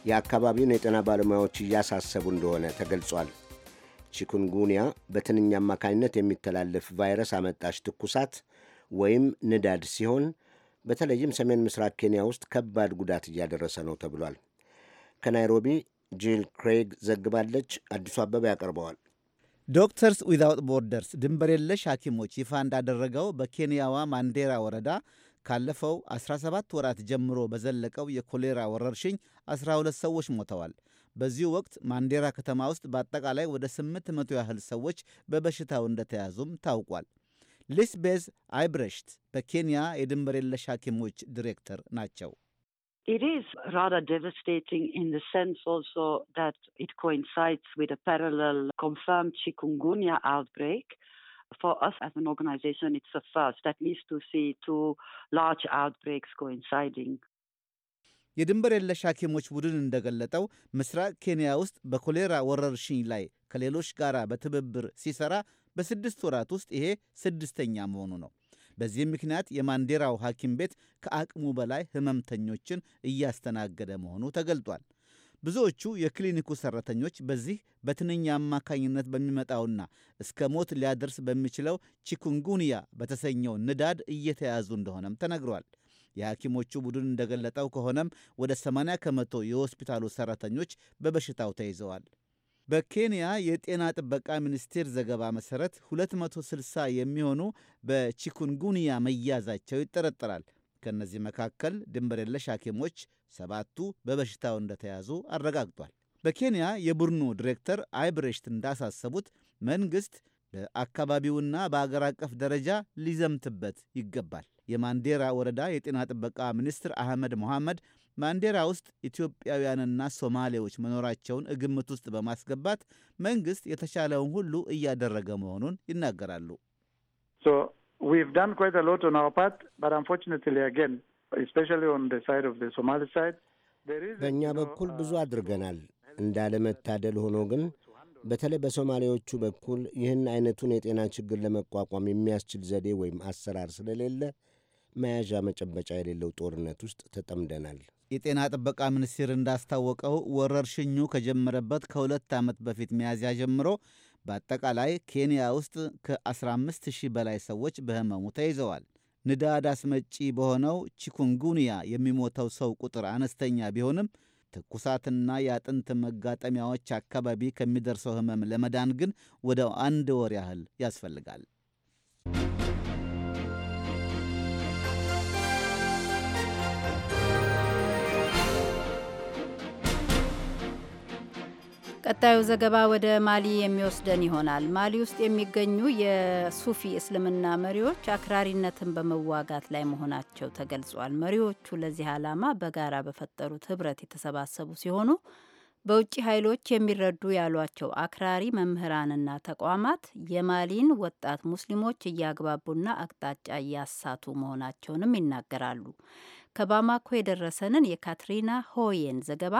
የአካባቢውን የጤና ባለሙያዎች እያሳሰቡ እንደሆነ ተገልጿል። ቺኩንጉንያ በትንኝ አማካኝነት የሚተላለፍ ቫይረስ አመጣሽ ትኩሳት ወይም ንዳድ ሲሆን በተለይም ሰሜን ምስራቅ ኬንያ ውስጥ ከባድ ጉዳት እያደረሰ ነው ተብሏል። ከናይሮቢ ጂል ክሬግ ዘግባለች። አዲሱ አበበ ያቀርበዋል። ዶክተርስ ዊዛውት ቦርደርስ ድንበር የለሽ ሐኪሞች ይፋ እንዳደረገው በኬንያዋ ማንዴራ ወረዳ ካለፈው 17 ወራት ጀምሮ በዘለቀው የኮሌራ ወረርሽኝ 12 ሰዎች ሞተዋል። በዚሁ ወቅት ማንዴራ ከተማ ውስጥ በአጠቃላይ ወደ 800 ያህል ሰዎች በበሽታው እንደተያዙም ታውቋል። ሊስቤዝ አይብረሽት በኬንያ የድንበር የለሽ ሐኪሞች ዲሬክተር ናቸው። It is rather devastating in the sense also that it coincides with a parallel confirmed chikungunya outbreak. for us as an organization, it's a first, at least to see two large outbreaks coinciding. የድንበር የለሽ ሐኪሞች ቡድን እንደገለጠው ምስራቅ ኬንያ ውስጥ በኮሌራ ወረርሽኝ ላይ ከሌሎች ጋር በትብብር ሲሰራ በስድስት ወራት ውስጥ ይሄ ስድስተኛ መሆኑ ነው። በዚህም ምክንያት የማንዴራው ሐኪም ቤት ከአቅሙ በላይ ህመምተኞችን እያስተናገደ መሆኑ ተገልጧል። ብዙዎቹ የክሊኒኩ ሰራተኞች በዚህ በትንኝ አማካኝነት በሚመጣውና እስከ ሞት ሊያደርስ በሚችለው ቺኩንጉንያ በተሰኘው ንዳድ እየተያዙ እንደሆነም ተነግሯል። የሐኪሞቹ ቡድን እንደገለጠው ከሆነም ወደ 80 ከመቶ የሆስፒታሉ ሰራተኞች በበሽታው ተይዘዋል። በኬንያ የጤና ጥበቃ ሚኒስቴር ዘገባ መሠረት 260 የሚሆኑ በቺኩንጉንያ መያዛቸው ይጠረጠራል። ከእነዚህ መካከል ድንበር የለሽ ሐኪሞች ሰባቱ በበሽታው እንደተያዙ አረጋግጧል። በኬንያ የቡድኑ ዲሬክተር አይብሬሽት እንዳሳሰቡት መንግሥት በአካባቢውና በአገር አቀፍ ደረጃ ሊዘምትበት ይገባል። የማንዴራ ወረዳ የጤና ጥበቃ ሚኒስትር አህመድ መሐመድ ማንዴራ ውስጥ ኢትዮጵያውያንና ሶማሌዎች መኖራቸውን ግምት ውስጥ በማስገባት መንግሥት የተቻለውን ሁሉ እያደረገ መሆኑን ይናገራሉ። We've done quite a lot on our part, but unfortunately, again, especially on the side of the Somali side, በእኛ በኩል ብዙ uh, አድርገናል። እንዳለመታደል ሆኖ ግን በተለይ በሶማሌዎቹ በኩል ይህን አይነቱን የጤና ችግር ለመቋቋም የሚያስችል ዘዴ ወይም አሰራር ስለሌለ መያዣ መጨበጫ የሌለው ጦርነት ውስጥ ተጠምደናል። የጤና ጥበቃ ሚኒስቴር እንዳስታወቀው ወረርሽኙ ከጀመረበት ከሁለት ዓመት በፊት ሚያዝያ ጀምሮ በአጠቃላይ ኬንያ ውስጥ ከ15,000 በላይ ሰዎች በህመሙ ተይዘዋል። ንዳድ አስመጪ በሆነው ቺኩንጉንያ የሚሞተው ሰው ቁጥር አነስተኛ ቢሆንም ትኩሳትና የአጥንት መጋጠሚያዎች አካባቢ ከሚደርሰው ህመም ለመዳን ግን ወደ አንድ ወር ያህል ያስፈልጋል። ቀጣዩ ዘገባ ወደ ማሊ የሚወስደን ይሆናል። ማሊ ውስጥ የሚገኙ የሱፊ እስልምና መሪዎች አክራሪነትን በመዋጋት ላይ መሆናቸው ተገልጿል። መሪዎቹ ለዚህ ዓላማ በጋራ በፈጠሩት ህብረት የተሰባሰቡ ሲሆኑ በውጭ ኃይሎች የሚረዱ ያሏቸው አክራሪ መምህራንና ተቋማት የማሊን ወጣት ሙስሊሞች እያግባቡና አቅጣጫ እያሳቱ መሆናቸውንም ይናገራሉ። ከባማኮ የደረሰንን የካትሪና ሆዬን ዘገባ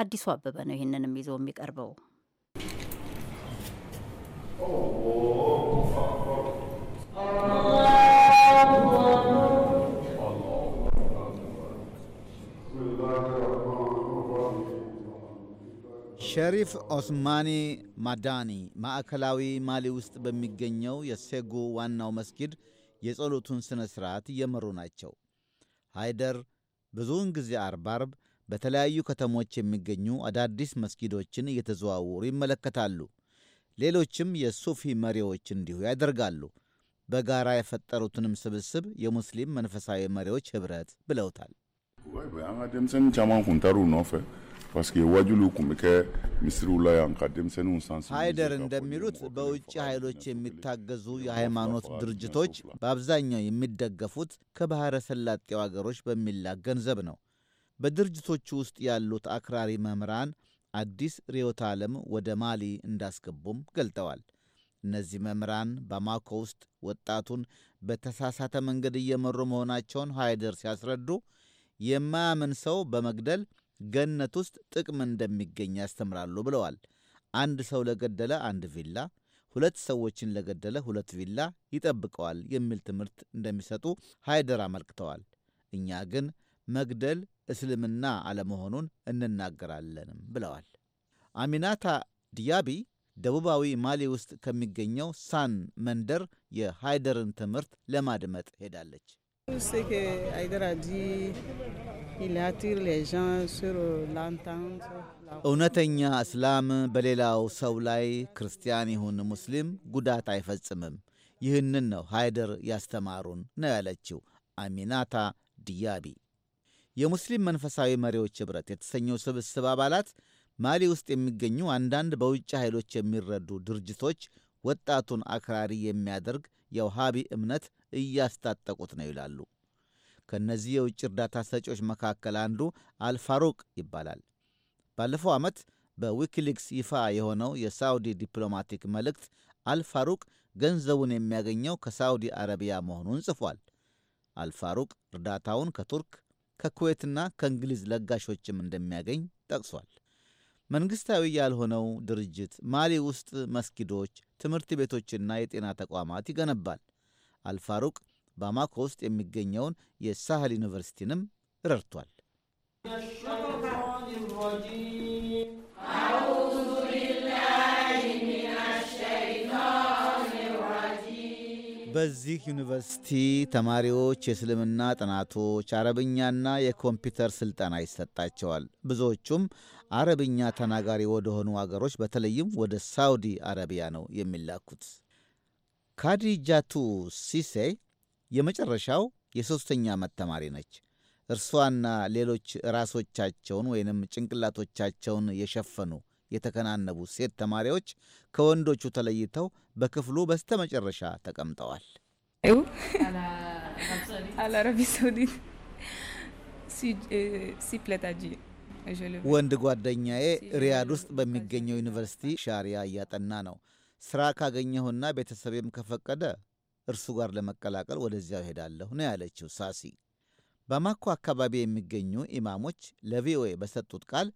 አዲሱ አበበ ነው ይህንንም ይዞ የሚቀርበው። ሸሪፍ ኦስማኒ ማዳኒ ማዕከላዊ ማሊ ውስጥ በሚገኘው የሴጉ ዋናው መስጊድ የጸሎቱን ሥነ ሥርዓት እየመሩ ናቸው። ሃይደር ብዙውን ጊዜ አርባርብ በተለያዩ ከተሞች የሚገኙ አዳዲስ መስጊዶችን እየተዘዋወሩ ይመለከታሉ። ሌሎችም የሱፊ መሪዎች እንዲሁ ያደርጋሉ። በጋራ የፈጠሩትንም ስብስብ የሙስሊም መንፈሳዊ መሪዎች ኅብረት ብለውታል። ሃይደር እንደሚሉት በውጭ ኃይሎች የሚታገዙ የሃይማኖት ድርጅቶች በአብዛኛው የሚደገፉት ከባሕረ ሰላጤው አገሮች በሚላክ ገንዘብ ነው። በድርጅቶቹ ውስጥ ያሉት አክራሪ መምህራን አዲስ ርዕዮተ ዓለም ወደ ማሊ እንዳስገቡም ገልጠዋል። እነዚህ መምህራን ባማኮ ውስጥ ወጣቱን በተሳሳተ መንገድ እየመሩ መሆናቸውን ሃይደር ሲያስረዱ የማያምን ሰው በመግደል ገነት ውስጥ ጥቅም እንደሚገኝ ያስተምራሉ ብለዋል። አንድ ሰው ለገደለ አንድ ቪላ፣ ሁለት ሰዎችን ለገደለ ሁለት ቪላ ይጠብቀዋል የሚል ትምህርት እንደሚሰጡ ሃይደር አመልክተዋል። እኛ ግን መግደል እስልምና አለመሆኑን እንናገራለንም ብለዋል። አሚናታ ዲያቢ ደቡባዊ ማሊ ውስጥ ከሚገኘው ሳን መንደር የሃይደርን ትምህርት ለማድመጥ ሄዳለች። እውነተኛ እስላም በሌላው ሰው ላይ ክርስቲያን ይሁን ሙስሊም ጉዳት አይፈጽምም። ይህንን ነው ሃይደር ያስተማሩን ነው ያለችው አሚናታ ዲያቢ። የሙስሊም መንፈሳዊ መሪዎች ኅብረት የተሰኘው ስብስብ አባላት ማሊ ውስጥ የሚገኙ አንዳንድ በውጭ ኃይሎች የሚረዱ ድርጅቶች ወጣቱን አክራሪ የሚያደርግ የውሃቢ እምነት እያስታጠቁት ነው ይላሉ። ከእነዚህ የውጭ እርዳታ ሰጪዎች መካከል አንዱ አልፋሩቅ ይባላል። ባለፈው ዓመት በዊኪሊክስ ይፋ የሆነው የሳውዲ ዲፕሎማቲክ መልእክት አልፋሩቅ ገንዘቡን የሚያገኘው ከሳውዲ አረቢያ መሆኑን ጽፏል። አልፋሩቅ እርዳታውን ከቱርክ፣ ከኩዌትና ከእንግሊዝ ለጋሾችም እንደሚያገኝ ጠቅሷል። መንግሥታዊ ያልሆነው ድርጅት ማሊ ውስጥ መስጊዶች፣ ትምህርት ቤቶችና የጤና ተቋማት ይገነባል። አልፋሩቅ ባማኮ ውስጥ የሚገኘውን የሳህል ዩኒቨርሲቲንም ረድቷል። በዚህ ዩኒቨርሲቲ ተማሪዎች የእስልምና ጥናቶች፣ አረብኛና የኮምፒውተር ስልጠና ይሰጣቸዋል። ብዙዎቹም አረብኛ ተናጋሪ ወደሆኑ አገሮች በተለይም ወደ ሳውዲ አረቢያ ነው የሚላኩት። ካዲጃቱ ሲሴ የመጨረሻው የሦስተኛ ዓመት ተማሪ ነች። እርሷና ሌሎች ራሶቻቸውን ወይንም ጭንቅላቶቻቸውን የሸፈኑ የተከናነቡ ሴት ተማሪዎች ከወንዶቹ ተለይተው በክፍሉ በስተመጨረሻ ተቀምጠዋል። ወንድ ጓደኛዬ ሪያድ ውስጥ በሚገኘው ዩኒቨርሲቲ ሻሪያ እያጠና ነው። ስራ ካገኘሁና ቤተሰቤም ከፈቀደ እርሱ ጋር ለመቀላቀል ወደዚያው ሄዳለሁ ነው ያለችው ሳሲ። ባማኮ አካባቢ የሚገኙ ኢማሞች ለቪኦኤ በሰጡት ቃል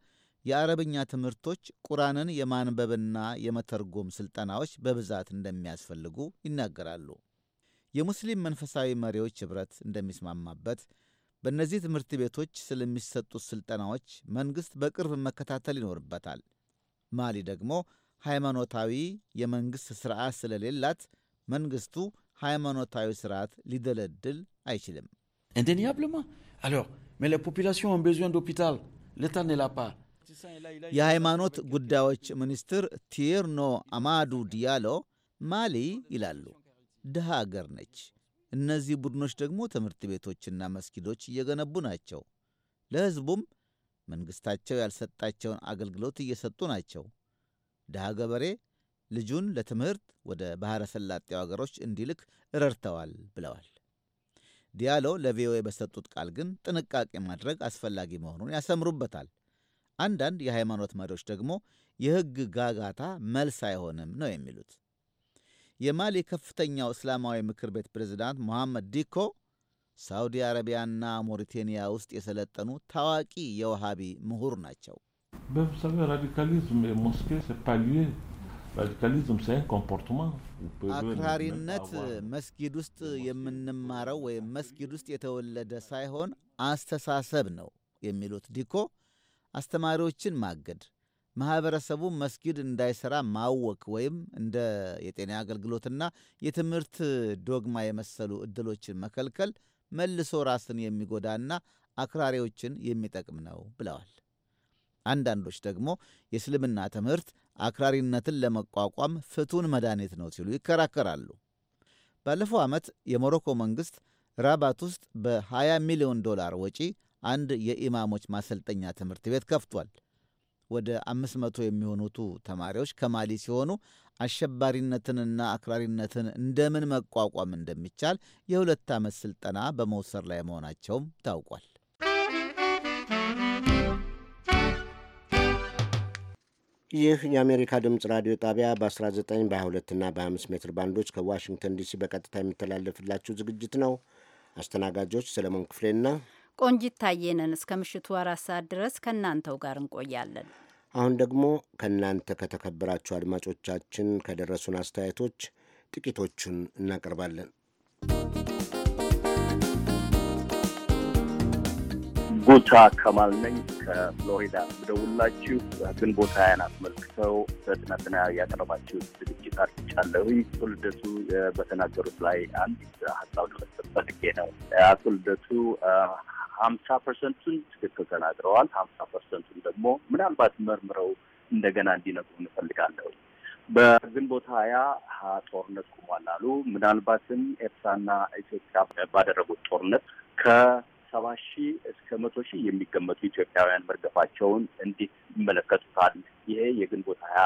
የአረብኛ ትምህርቶች ቁራንን የማንበብና የመተርጎም ሥልጠናዎች በብዛት እንደሚያስፈልጉ ይናገራሉ። የሙስሊም መንፈሳዊ መሪዎች ኅብረት እንደሚስማማበት በእነዚህ ትምህርት ቤቶች ስለሚሰጡት ሥልጠናዎች መንግሥት በቅርብ መከታተል ይኖርበታል። ማሊ ደግሞ ሃይማኖታዊ የመንግሥት ሥርዓት ስለሌላት መንግሥቱ ሃይማኖታዊ ሥርዓት ሊደለድል አይችልም። ኢንዴኒያብልማ አሎ ሜ ላ ፖፑላሲዮን ዶፒታል ለታን የሃይማኖት ጉዳዮች ሚኒስትር ቲርኖ አማዱ ዲያሎ ማሊ ይላሉ ድሃ አገር ነች። እነዚህ ቡድኖች ደግሞ ትምህርት ቤቶችና መስጊዶች እየገነቡ ናቸው። ለሕዝቡም መንግሥታቸው ያልሰጣቸውን አገልግሎት እየሰጡ ናቸው። ድሃ ገበሬ ልጁን ለትምህርት ወደ ባሕረ ሰላጤው አገሮች እንዲልክ ረድተዋል ብለዋል። ዲያሎ ለቪኦኤ በሰጡት ቃል ግን ጥንቃቄ ማድረግ አስፈላጊ መሆኑን ያሰምሩበታል። አንዳንድ የሃይማኖት መሪዎች ደግሞ የሕግ ጋጋታ መልስ አይሆንም ነው የሚሉት። የማሊ ከፍተኛው እስላማዊ ምክር ቤት ፕሬዝዳንት ሞሐመድ ዲኮ ሳውዲ አረቢያና ሞሪቴንያ ውስጥ የሰለጠኑ ታዋቂ የውሃቢ ምሁር ናቸው። አክራሪነት መስጊድ ውስጥ የምንማረው ወይም መስጊድ ውስጥ የተወለደ ሳይሆን አስተሳሰብ ነው የሚሉት ዲኮ አስተማሪዎችን ማገድ፣ ማኅበረሰቡ መስጊድ እንዳይሠራ ማወክ ወይም እንደ የጤና አገልግሎትና የትምህርት ዶግማ የመሰሉ ዕድሎችን መከልከል መልሶ ራስን የሚጎዳና አክራሪዎችን የሚጠቅም ነው ብለዋል። አንዳንዶች ደግሞ የእስልምና ትምህርት አክራሪነትን ለመቋቋም ፍቱን መድኃኒት ነው ሲሉ ይከራከራሉ። ባለፈው ዓመት የሞሮኮ መንግሥት ራባት ውስጥ በ20 ሚሊዮን ዶላር ወጪ አንድ የኢማሞች ማሰልጠኛ ትምህርት ቤት ከፍቷል። ወደ አምስት መቶ የሚሆኑቱ ተማሪዎች ከማሊ ሲሆኑ አሸባሪነትንና አክራሪነትን እንደምን መቋቋም እንደሚቻል የሁለት ዓመት ስልጠና በመውሰድ ላይ መሆናቸውም ታውቋል። ይህ የአሜሪካ ድምፅ ራዲዮ ጣቢያ በ19 በ22 እና በ25 ሜትር ባንዶች ከዋሽንግተን ዲሲ በቀጥታ የሚተላለፍላችሁ ዝግጅት ነው። አስተናጋጆች ሰለሞን ክፍሌና ቆንጂት ታየነን እስከ ምሽቱ አራት ሰዓት ድረስ ከእናንተው ጋር እንቆያለን። አሁን ደግሞ ከእናንተ ከተከበራችሁ አድማጮቻችን ከደረሱን አስተያየቶች ጥቂቶቹን እናቀርባለን። ጉታ ከማል ነኝ ከፍሎሪዳ ብደውላችሁ ግንቦት ሃያን አስመልክተው በጥናትና ያቀረባችሁ ዝግጅት አርጭቻለሁ። አቶ ልደቱ በተናገሩት ላይ አንድ ሀሳብ ለመስጠት ፈልጌ ነው። አቶ ልደቱ ሀምሳ ፐርሰንቱን ትክክል ተናግረዋል። ሀምሳ ፐርሰንቱን ደግሞ ምናልባት መርምረው እንደገና እንዲነግሩ እንፈልጋለሁ። በግንቦት ሀያ ጦርነት ቁሟል አሉ። ምናልባትም ኤርትራና ኢትዮጵያ ባደረጉት ጦርነት ከሰባ ሺህ እስከ መቶ ሺህ የሚገመቱ ኢትዮጵያውያን መርገፋቸውን እንዴት ይመለከቱታል? ይሄ የግንቦት ሀያ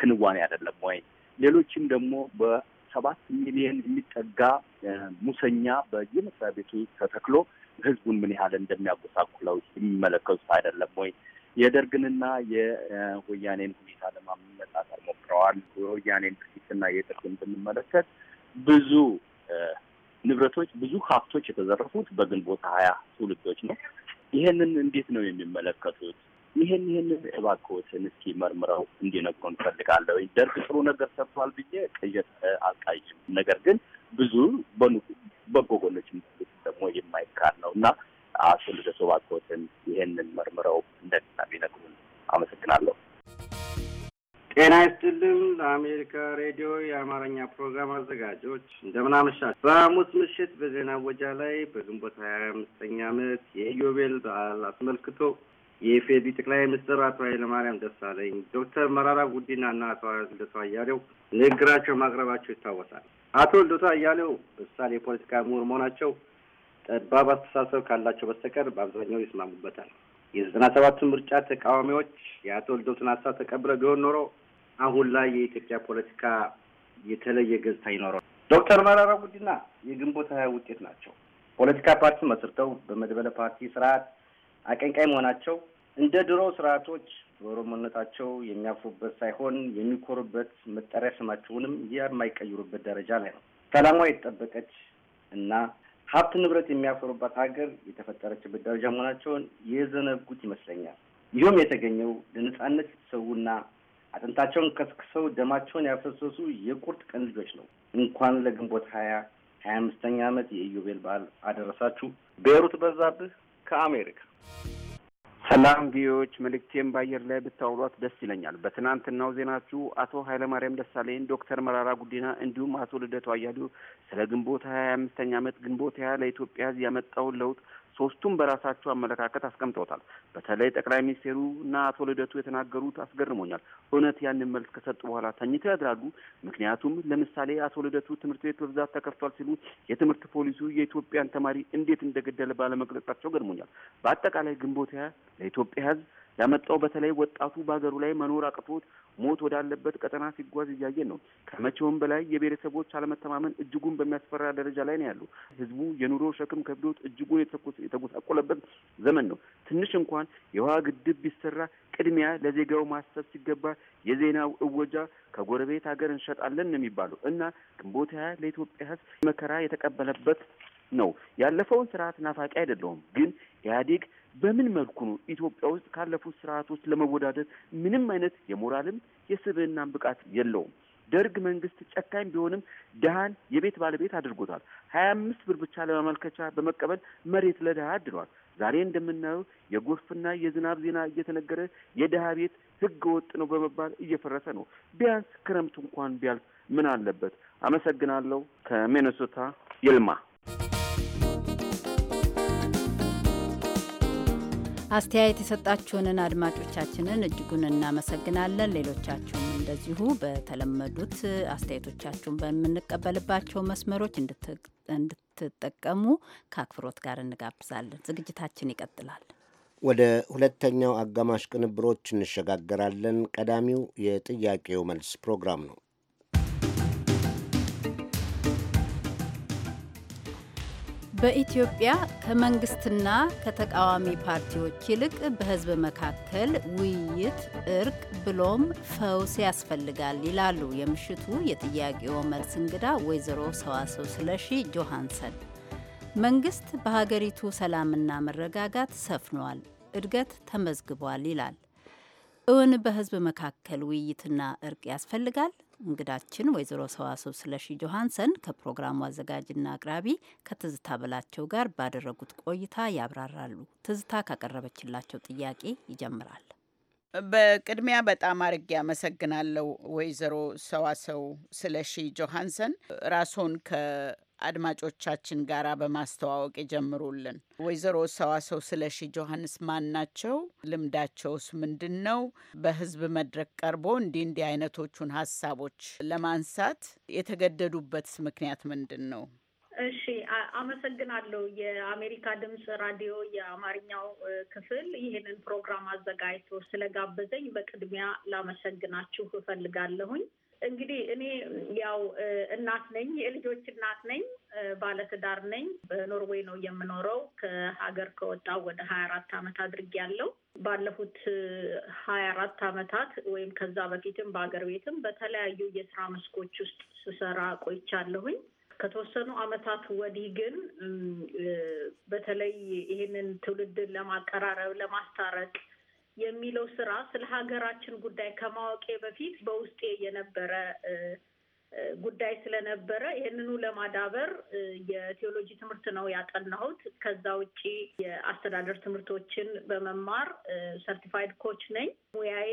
ክንዋኔ አይደለም ወይ? ሌሎችም ደግሞ በ ሰባት ሚሊየን የሚጠጋ ሙሰኛ በየመስሪያ ቤቱ ተተክሎ ህዝቡን ምን ያህል እንደሚያጎሳቁለው የሚመለከቱት አይደለም ወይ? የደርግንና የወያኔን ሁኔታ ለማመጣጠር ሞክረዋል። የወያኔን ድርጊትና የደርግን ብንመለከት ብዙ ንብረቶች፣ ብዙ ሀብቶች የተዘረፉት በግንቦት ሀያ ትውልዶች ነው። ይሄንን እንዴት ነው የሚመለከቱት? ይህን ይህን እባክዎትን እስኪ መርምረው እንዲነግሩ እንፈልጋለሁ። ደርግ ጥሩ ነገር ሰርቷል ብዬ ቅዠት አልቃይም። ነገር ግን ብዙ በጎ ጎኖች ደግሞ የማይካድ ነው እና አቶ ልደቱ እባክዎትን ይህንን መርምረው እንደገና ቢነግሩን አመሰግናለሁ። ጤና ይስጥልን። ለአሜሪካ ሬዲዮ የአማርኛ ፕሮግራም አዘጋጆች እንደምን አመሻችሁ። በሐሙስ ምሽት በዜና ወጃ ላይ በግንቦት ሀያ አምስተኛ ዓመት የኢዮቤል በዓል አስመልክቶ የኢፌዴሪ ጠቅላይ ሚኒስትር አቶ ኃይለማርያም ደሳለኝ፣ ዶክተር መራራ ጉዲና እና አቶ ልደቱ አያሌው ንግግራቸው ማቅረባቸው ይታወሳል። አቶ ልደቱ አያሌው ምሳሌ የፖለቲካ ምሁር መሆናቸው ጠባብ አስተሳሰብ ካላቸው በስተቀር በአብዛኛው ይስማሙበታል። የዘጠና ሰባቱ ምርጫ ተቃዋሚዎች የአቶ ልደቱን ሀሳብ ተቀብለው ቢሆን ኖሮ አሁን ላይ የኢትዮጵያ ፖለቲካ የተለየ ገጽታ ይኖረው። ዶክተር መራራ ጉዲና የግንቦት ሀያ ውጤት ናቸው። ፖለቲካ ፓርቲ መስርተው በመድበለ ፓርቲ ስርዓት አቀንቃይ መሆናቸው እንደ ድሮ ስርዓቶች በኦሮሞነታቸው የሚያፍሩበት ሳይሆን የሚኮሩበት መጠሪያ ስማቸውንም የማይቀይሩበት ደረጃ ላይ ነው። ሰላማዊ የተጠበቀች እና ሀብት ንብረት የሚያፈሩባት ሀገር የተፈጠረችበት ደረጃ መሆናቸውን የዘነጉት ይመስለኛል። ይህም የተገኘው ለነጻነት የተሰዉና አጥንታቸውን ከስክሰው ደማቸውን ያፈሰሱ የቁርጥ ቀን ልጆች ነው። እንኳን ለግንቦት ሀያ ሀያ አምስተኛ ዓመት የኢዮቤል በዓል አደረሳችሁ። ቤሩት በዛብህ ከአሜሪካ ሰላም ቪዎች መልእክቴን በአየር ላይ ብታውሏት ደስ ይለኛል። በትናንትናው ዜናችሁ አቶ ኃይለማርያም ደሳለኝ፣ ዶክተር መራራ ጉዲና እንዲሁም አቶ ልደቱ አያሌው ስለ ግንቦት ሀያ አምስተኛ ዓመት ግንቦት ሀያ ለኢትዮጵያ ያመጣውን ለውጥ ሶስቱም በራሳቸው አመለካከት አስቀምጠውታል። በተለይ ጠቅላይ ሚኒስቴሩና አቶ ልደቱ የተናገሩት አስገርሞኛል። እውነት ያንን መልስ ከሰጡ በኋላ ተኝተው ያድራሉ? ምክንያቱም ለምሳሌ አቶ ልደቱ ትምህርት ቤት በብዛት ተከፍቷል ሲሉ የትምህርት ፖሊሱ የኢትዮጵያን ተማሪ እንዴት እንደገደለ ባለመግለጻቸው ገርሞኛል። በአጠቃላይ ግንቦት ለኢትዮጵያ ሕዝብ ያመጣው በተለይ ወጣቱ በሀገሩ ላይ መኖር አቅቶት ሞት ወዳለበት ቀጠና ሲጓዝ እያየን ነው። ከመቼውም በላይ የብሔረሰቦች አለመተማመን እጅጉን በሚያስፈራ ደረጃ ላይ ነው ያሉ። ህዝቡ የኑሮ ሸክም ከብዶት እጅጉን የተጎሳቆለበት ዘመን ነው። ትንሽ እንኳን የውሃ ግድብ ቢሰራ ቅድሚያ ለዜጋው ማሰብ ሲገባ የዜናው እወጃ ከጎረቤት ሀገር እንሸጣለን ነው የሚባለው እና ግንቦት ሃያ ለኢትዮጵያ ህዝብ መከራ የተቀበለበት ነው። ያለፈውን ስርዓት ናፋቂ አይደለውም ግን ኢህአዴግ በምን መልኩ ነው ኢትዮጵያ ውስጥ ካለፉት ስርዓቶች ለመወዳደር ምንም አይነት የሞራልም የስብዕናም ብቃት የለውም። ደርግ መንግስት ጨካኝ ቢሆንም ድሃን የቤት ባለቤት አድርጎታል። ሀያ አምስት ብር ብቻ ለማመልከቻ በመቀበል መሬት ለድሃ አድሏል። ዛሬ እንደምናየው የጎርፍና የዝናብ ዜና እየተነገረ የድሃ ቤት ህገ ወጥ ነው በመባል እየፈረሰ ነው። ቢያንስ ክረምት እንኳን ቢያልፍ ምን አለበት? አመሰግናለሁ። ከሚኔሶታ ይልማ አስተያየት የሰጣችሁንን አድማጮቻችንን እጅጉን እናመሰግናለን። ሌሎቻችሁም እንደዚሁ በተለመዱት አስተያየቶቻችሁን በምንቀበልባቸው መስመሮች እንድትጠቀሙ ከአክብሮት ጋር እንጋብዛለን። ዝግጅታችን ይቀጥላል። ወደ ሁለተኛው አጋማሽ ቅንብሮች እንሸጋገራለን። ቀዳሚው የጥያቄው መልስ ፕሮግራም ነው። በኢትዮጵያ ከመንግስትና ከተቃዋሚ ፓርቲዎች ይልቅ በህዝብ መካከል ውይይት፣ እርቅ ብሎም ፈውስ ያስፈልጋል ይላሉ የምሽቱ የጥያቄው መልስ እንግዳ ወይዘሮ ሰዋሰው ስለሺ ጆሃንሰን። መንግስት በሀገሪቱ ሰላምና መረጋጋት ሰፍኗል፣ እድገት ተመዝግቧል ይላል። እውን በህዝብ መካከል ውይይትና እርቅ ያስፈልጋል? እንግዳችን ወይዘሮ ሰዋሰው ስለሺ ጆሃንሰን ከፕሮግራሙ አዘጋጅና አቅራቢ ከትዝታ በላቸው ጋር ባደረጉት ቆይታ ያብራራሉ። ትዝታ ካቀረበችላቸው ጥያቄ ይጀምራል። በቅድሚያ በጣም አርጌ አመሰግናለሁ ወይዘሮ ሰዋሰው ስለሺ ጆሃንሰን ራስዎን አድማጮቻችን ጋራ በማስተዋወቅ ይጀምሩልን። ወይዘሮ ሰዋሰው ስለሺ ጆሀንስ ማን ናቸው? ልምዳቸውስ ምንድን ነው? በህዝብ መድረክ ቀርቦ እንዲህ እንዲህ አይነቶቹን ሀሳቦች ለማንሳት የተገደዱበትስ ምክንያት ምንድን ነው? እሺ፣ አመሰግናለሁ። የአሜሪካ ድምፅ ራዲዮ የአማርኛው ክፍል ይህንን ፕሮግራም አዘጋጅቶ ስለጋበዘኝ በቅድሚያ ላመሰግናችሁ እፈልጋለሁኝ። እንግዲህ እኔ ያው እናት ነኝ፣ የልጆች እናት ነኝ፣ ባለትዳር ነኝ። በኖርዌይ ነው የምኖረው። ከሀገር ከወጣው ወደ ሀያ አራት አመት አድርጌያለሁ። ባለፉት ሀያ አራት አመታት ወይም ከዛ በፊትም በሀገር ቤትም በተለያዩ የስራ መስኮች ውስጥ ስሰራ ቆይቻለሁኝ። ከተወሰኑ አመታት ወዲህ ግን በተለይ ይህንን ትውልድን ለማቀራረብ ለማስታረቅ የሚለው ስራ ስለ ሀገራችን ጉዳይ ከማወቄ በፊት በውስጤ የነበረ ጉዳይ ስለነበረ ይህንኑ ለማዳበር የቴዎሎጂ ትምህርት ነው ያጠናሁት። ከዛ ውጪ የአስተዳደር ትምህርቶችን በመማር ሰርቲፋይድ ኮች ነኝ። ሙያዬ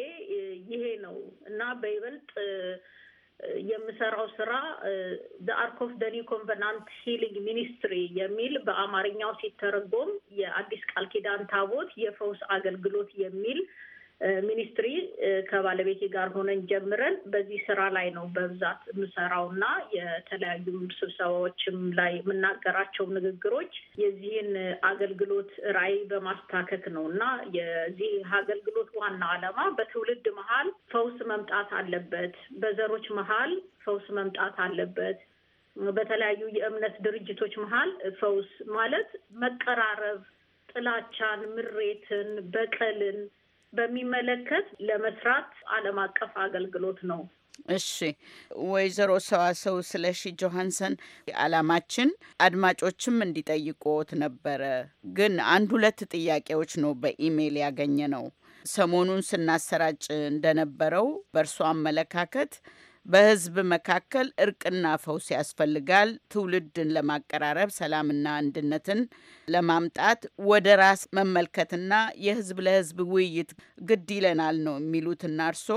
ይሄ ነው እና በይበልጥ የምሰራው ስራ አርክ ኦፍ ዘ ኮንቨናንት ሂሊንግ ሚኒስትሪ የሚል በአማርኛው ሲተረጎም የአዲስ ቃል ኪዳን ታቦት የፈውስ አገልግሎት የሚል ሚኒስትሪ ከባለቤቴ ጋር ሆነን ጀምረን በዚህ ስራ ላይ ነው በብዛት የምሰራው እና የተለያዩ ስብሰባዎችም ላይ የምናገራቸው ንግግሮች የዚህን አገልግሎት ራዕይ በማስታከክ ነው እና የዚህ አገልግሎት ዋና ዓላማ በትውልድ መሀል ፈውስ መምጣት አለበት፣ በዘሮች መሀል ፈውስ መምጣት አለበት በተለያዩ የእምነት ድርጅቶች መሀል ፈውስ ማለት መቀራረብ፣ ጥላቻን፣ ምሬትን፣ በቀልን በሚመለከት ለመስራት ዓለም አቀፍ አገልግሎት ነው። እሺ ወይዘሮ ሰዋሰው ስለሺ ጆሀንሰን አላማችን አድማጮችም እንዲጠይቁት ነበረ፣ ግን አንድ ሁለት ጥያቄዎች ነው በኢሜይል ያገኘ ነው። ሰሞኑን ስናሰራጭ እንደነበረው በእርሶ አመለካከት በህዝብ መካከል እርቅና ፈውስ ያስፈልጋል። ትውልድን ለማቀራረብ ሰላምና አንድነትን ለማምጣት ወደ ራስ መመልከትና የህዝብ ለህዝብ ውይይት ግድ ይለናል ነው የሚሉትና እርሶ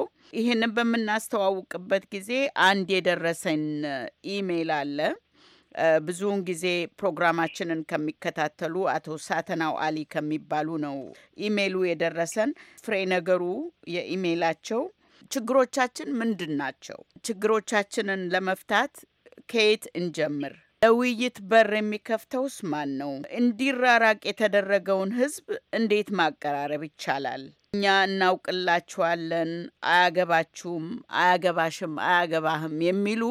ይህንን በምናስተዋውቅበት ጊዜ አንድ የደረሰን ኢሜይል አለ። ብዙውን ጊዜ ፕሮግራማችንን ከሚከታተሉ አቶ ሳተናው አሊ ከሚባሉ ነው ኢሜይሉ የደረሰን። ፍሬ ነገሩ የኢሜይላቸው ችግሮቻችን ምንድን ናቸው? ችግሮቻችንን ለመፍታት ከየት እንጀምር? ለውይይት በር የሚከፍተውስ ማን ነው? እንዲራራቅ የተደረገውን ህዝብ እንዴት ማቀራረብ ይቻላል? እኛ እናውቅላችኋለን፣ አያገባችሁም፣ አያገባሽም፣ አያገባህም የሚሉ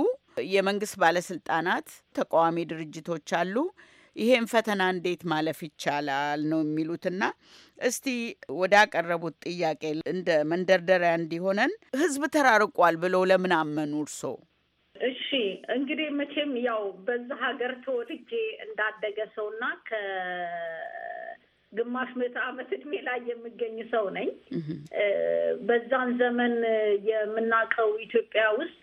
የመንግስት ባለስልጣናት፣ ተቃዋሚ ድርጅቶች አሉ። ይሄን ፈተና እንዴት ማለፍ ይቻላል ነው የሚሉትና እስቲ ወዳቀረቡት ጥያቄ እንደ መንደርደሪያ እንዲሆነን ህዝብ ተራርቋል ብለው ለምን አመኑ እርሶ? እሺ እንግዲህ መቼም ያው በዛ ሀገር ተወልጄ እንዳደገ ሰውና ግማሽ መቶ ዓመት እድሜ ላይ የሚገኝ ሰው ነኝ። በዛን ዘመን የምናውቀው ኢትዮጵያ ውስጥ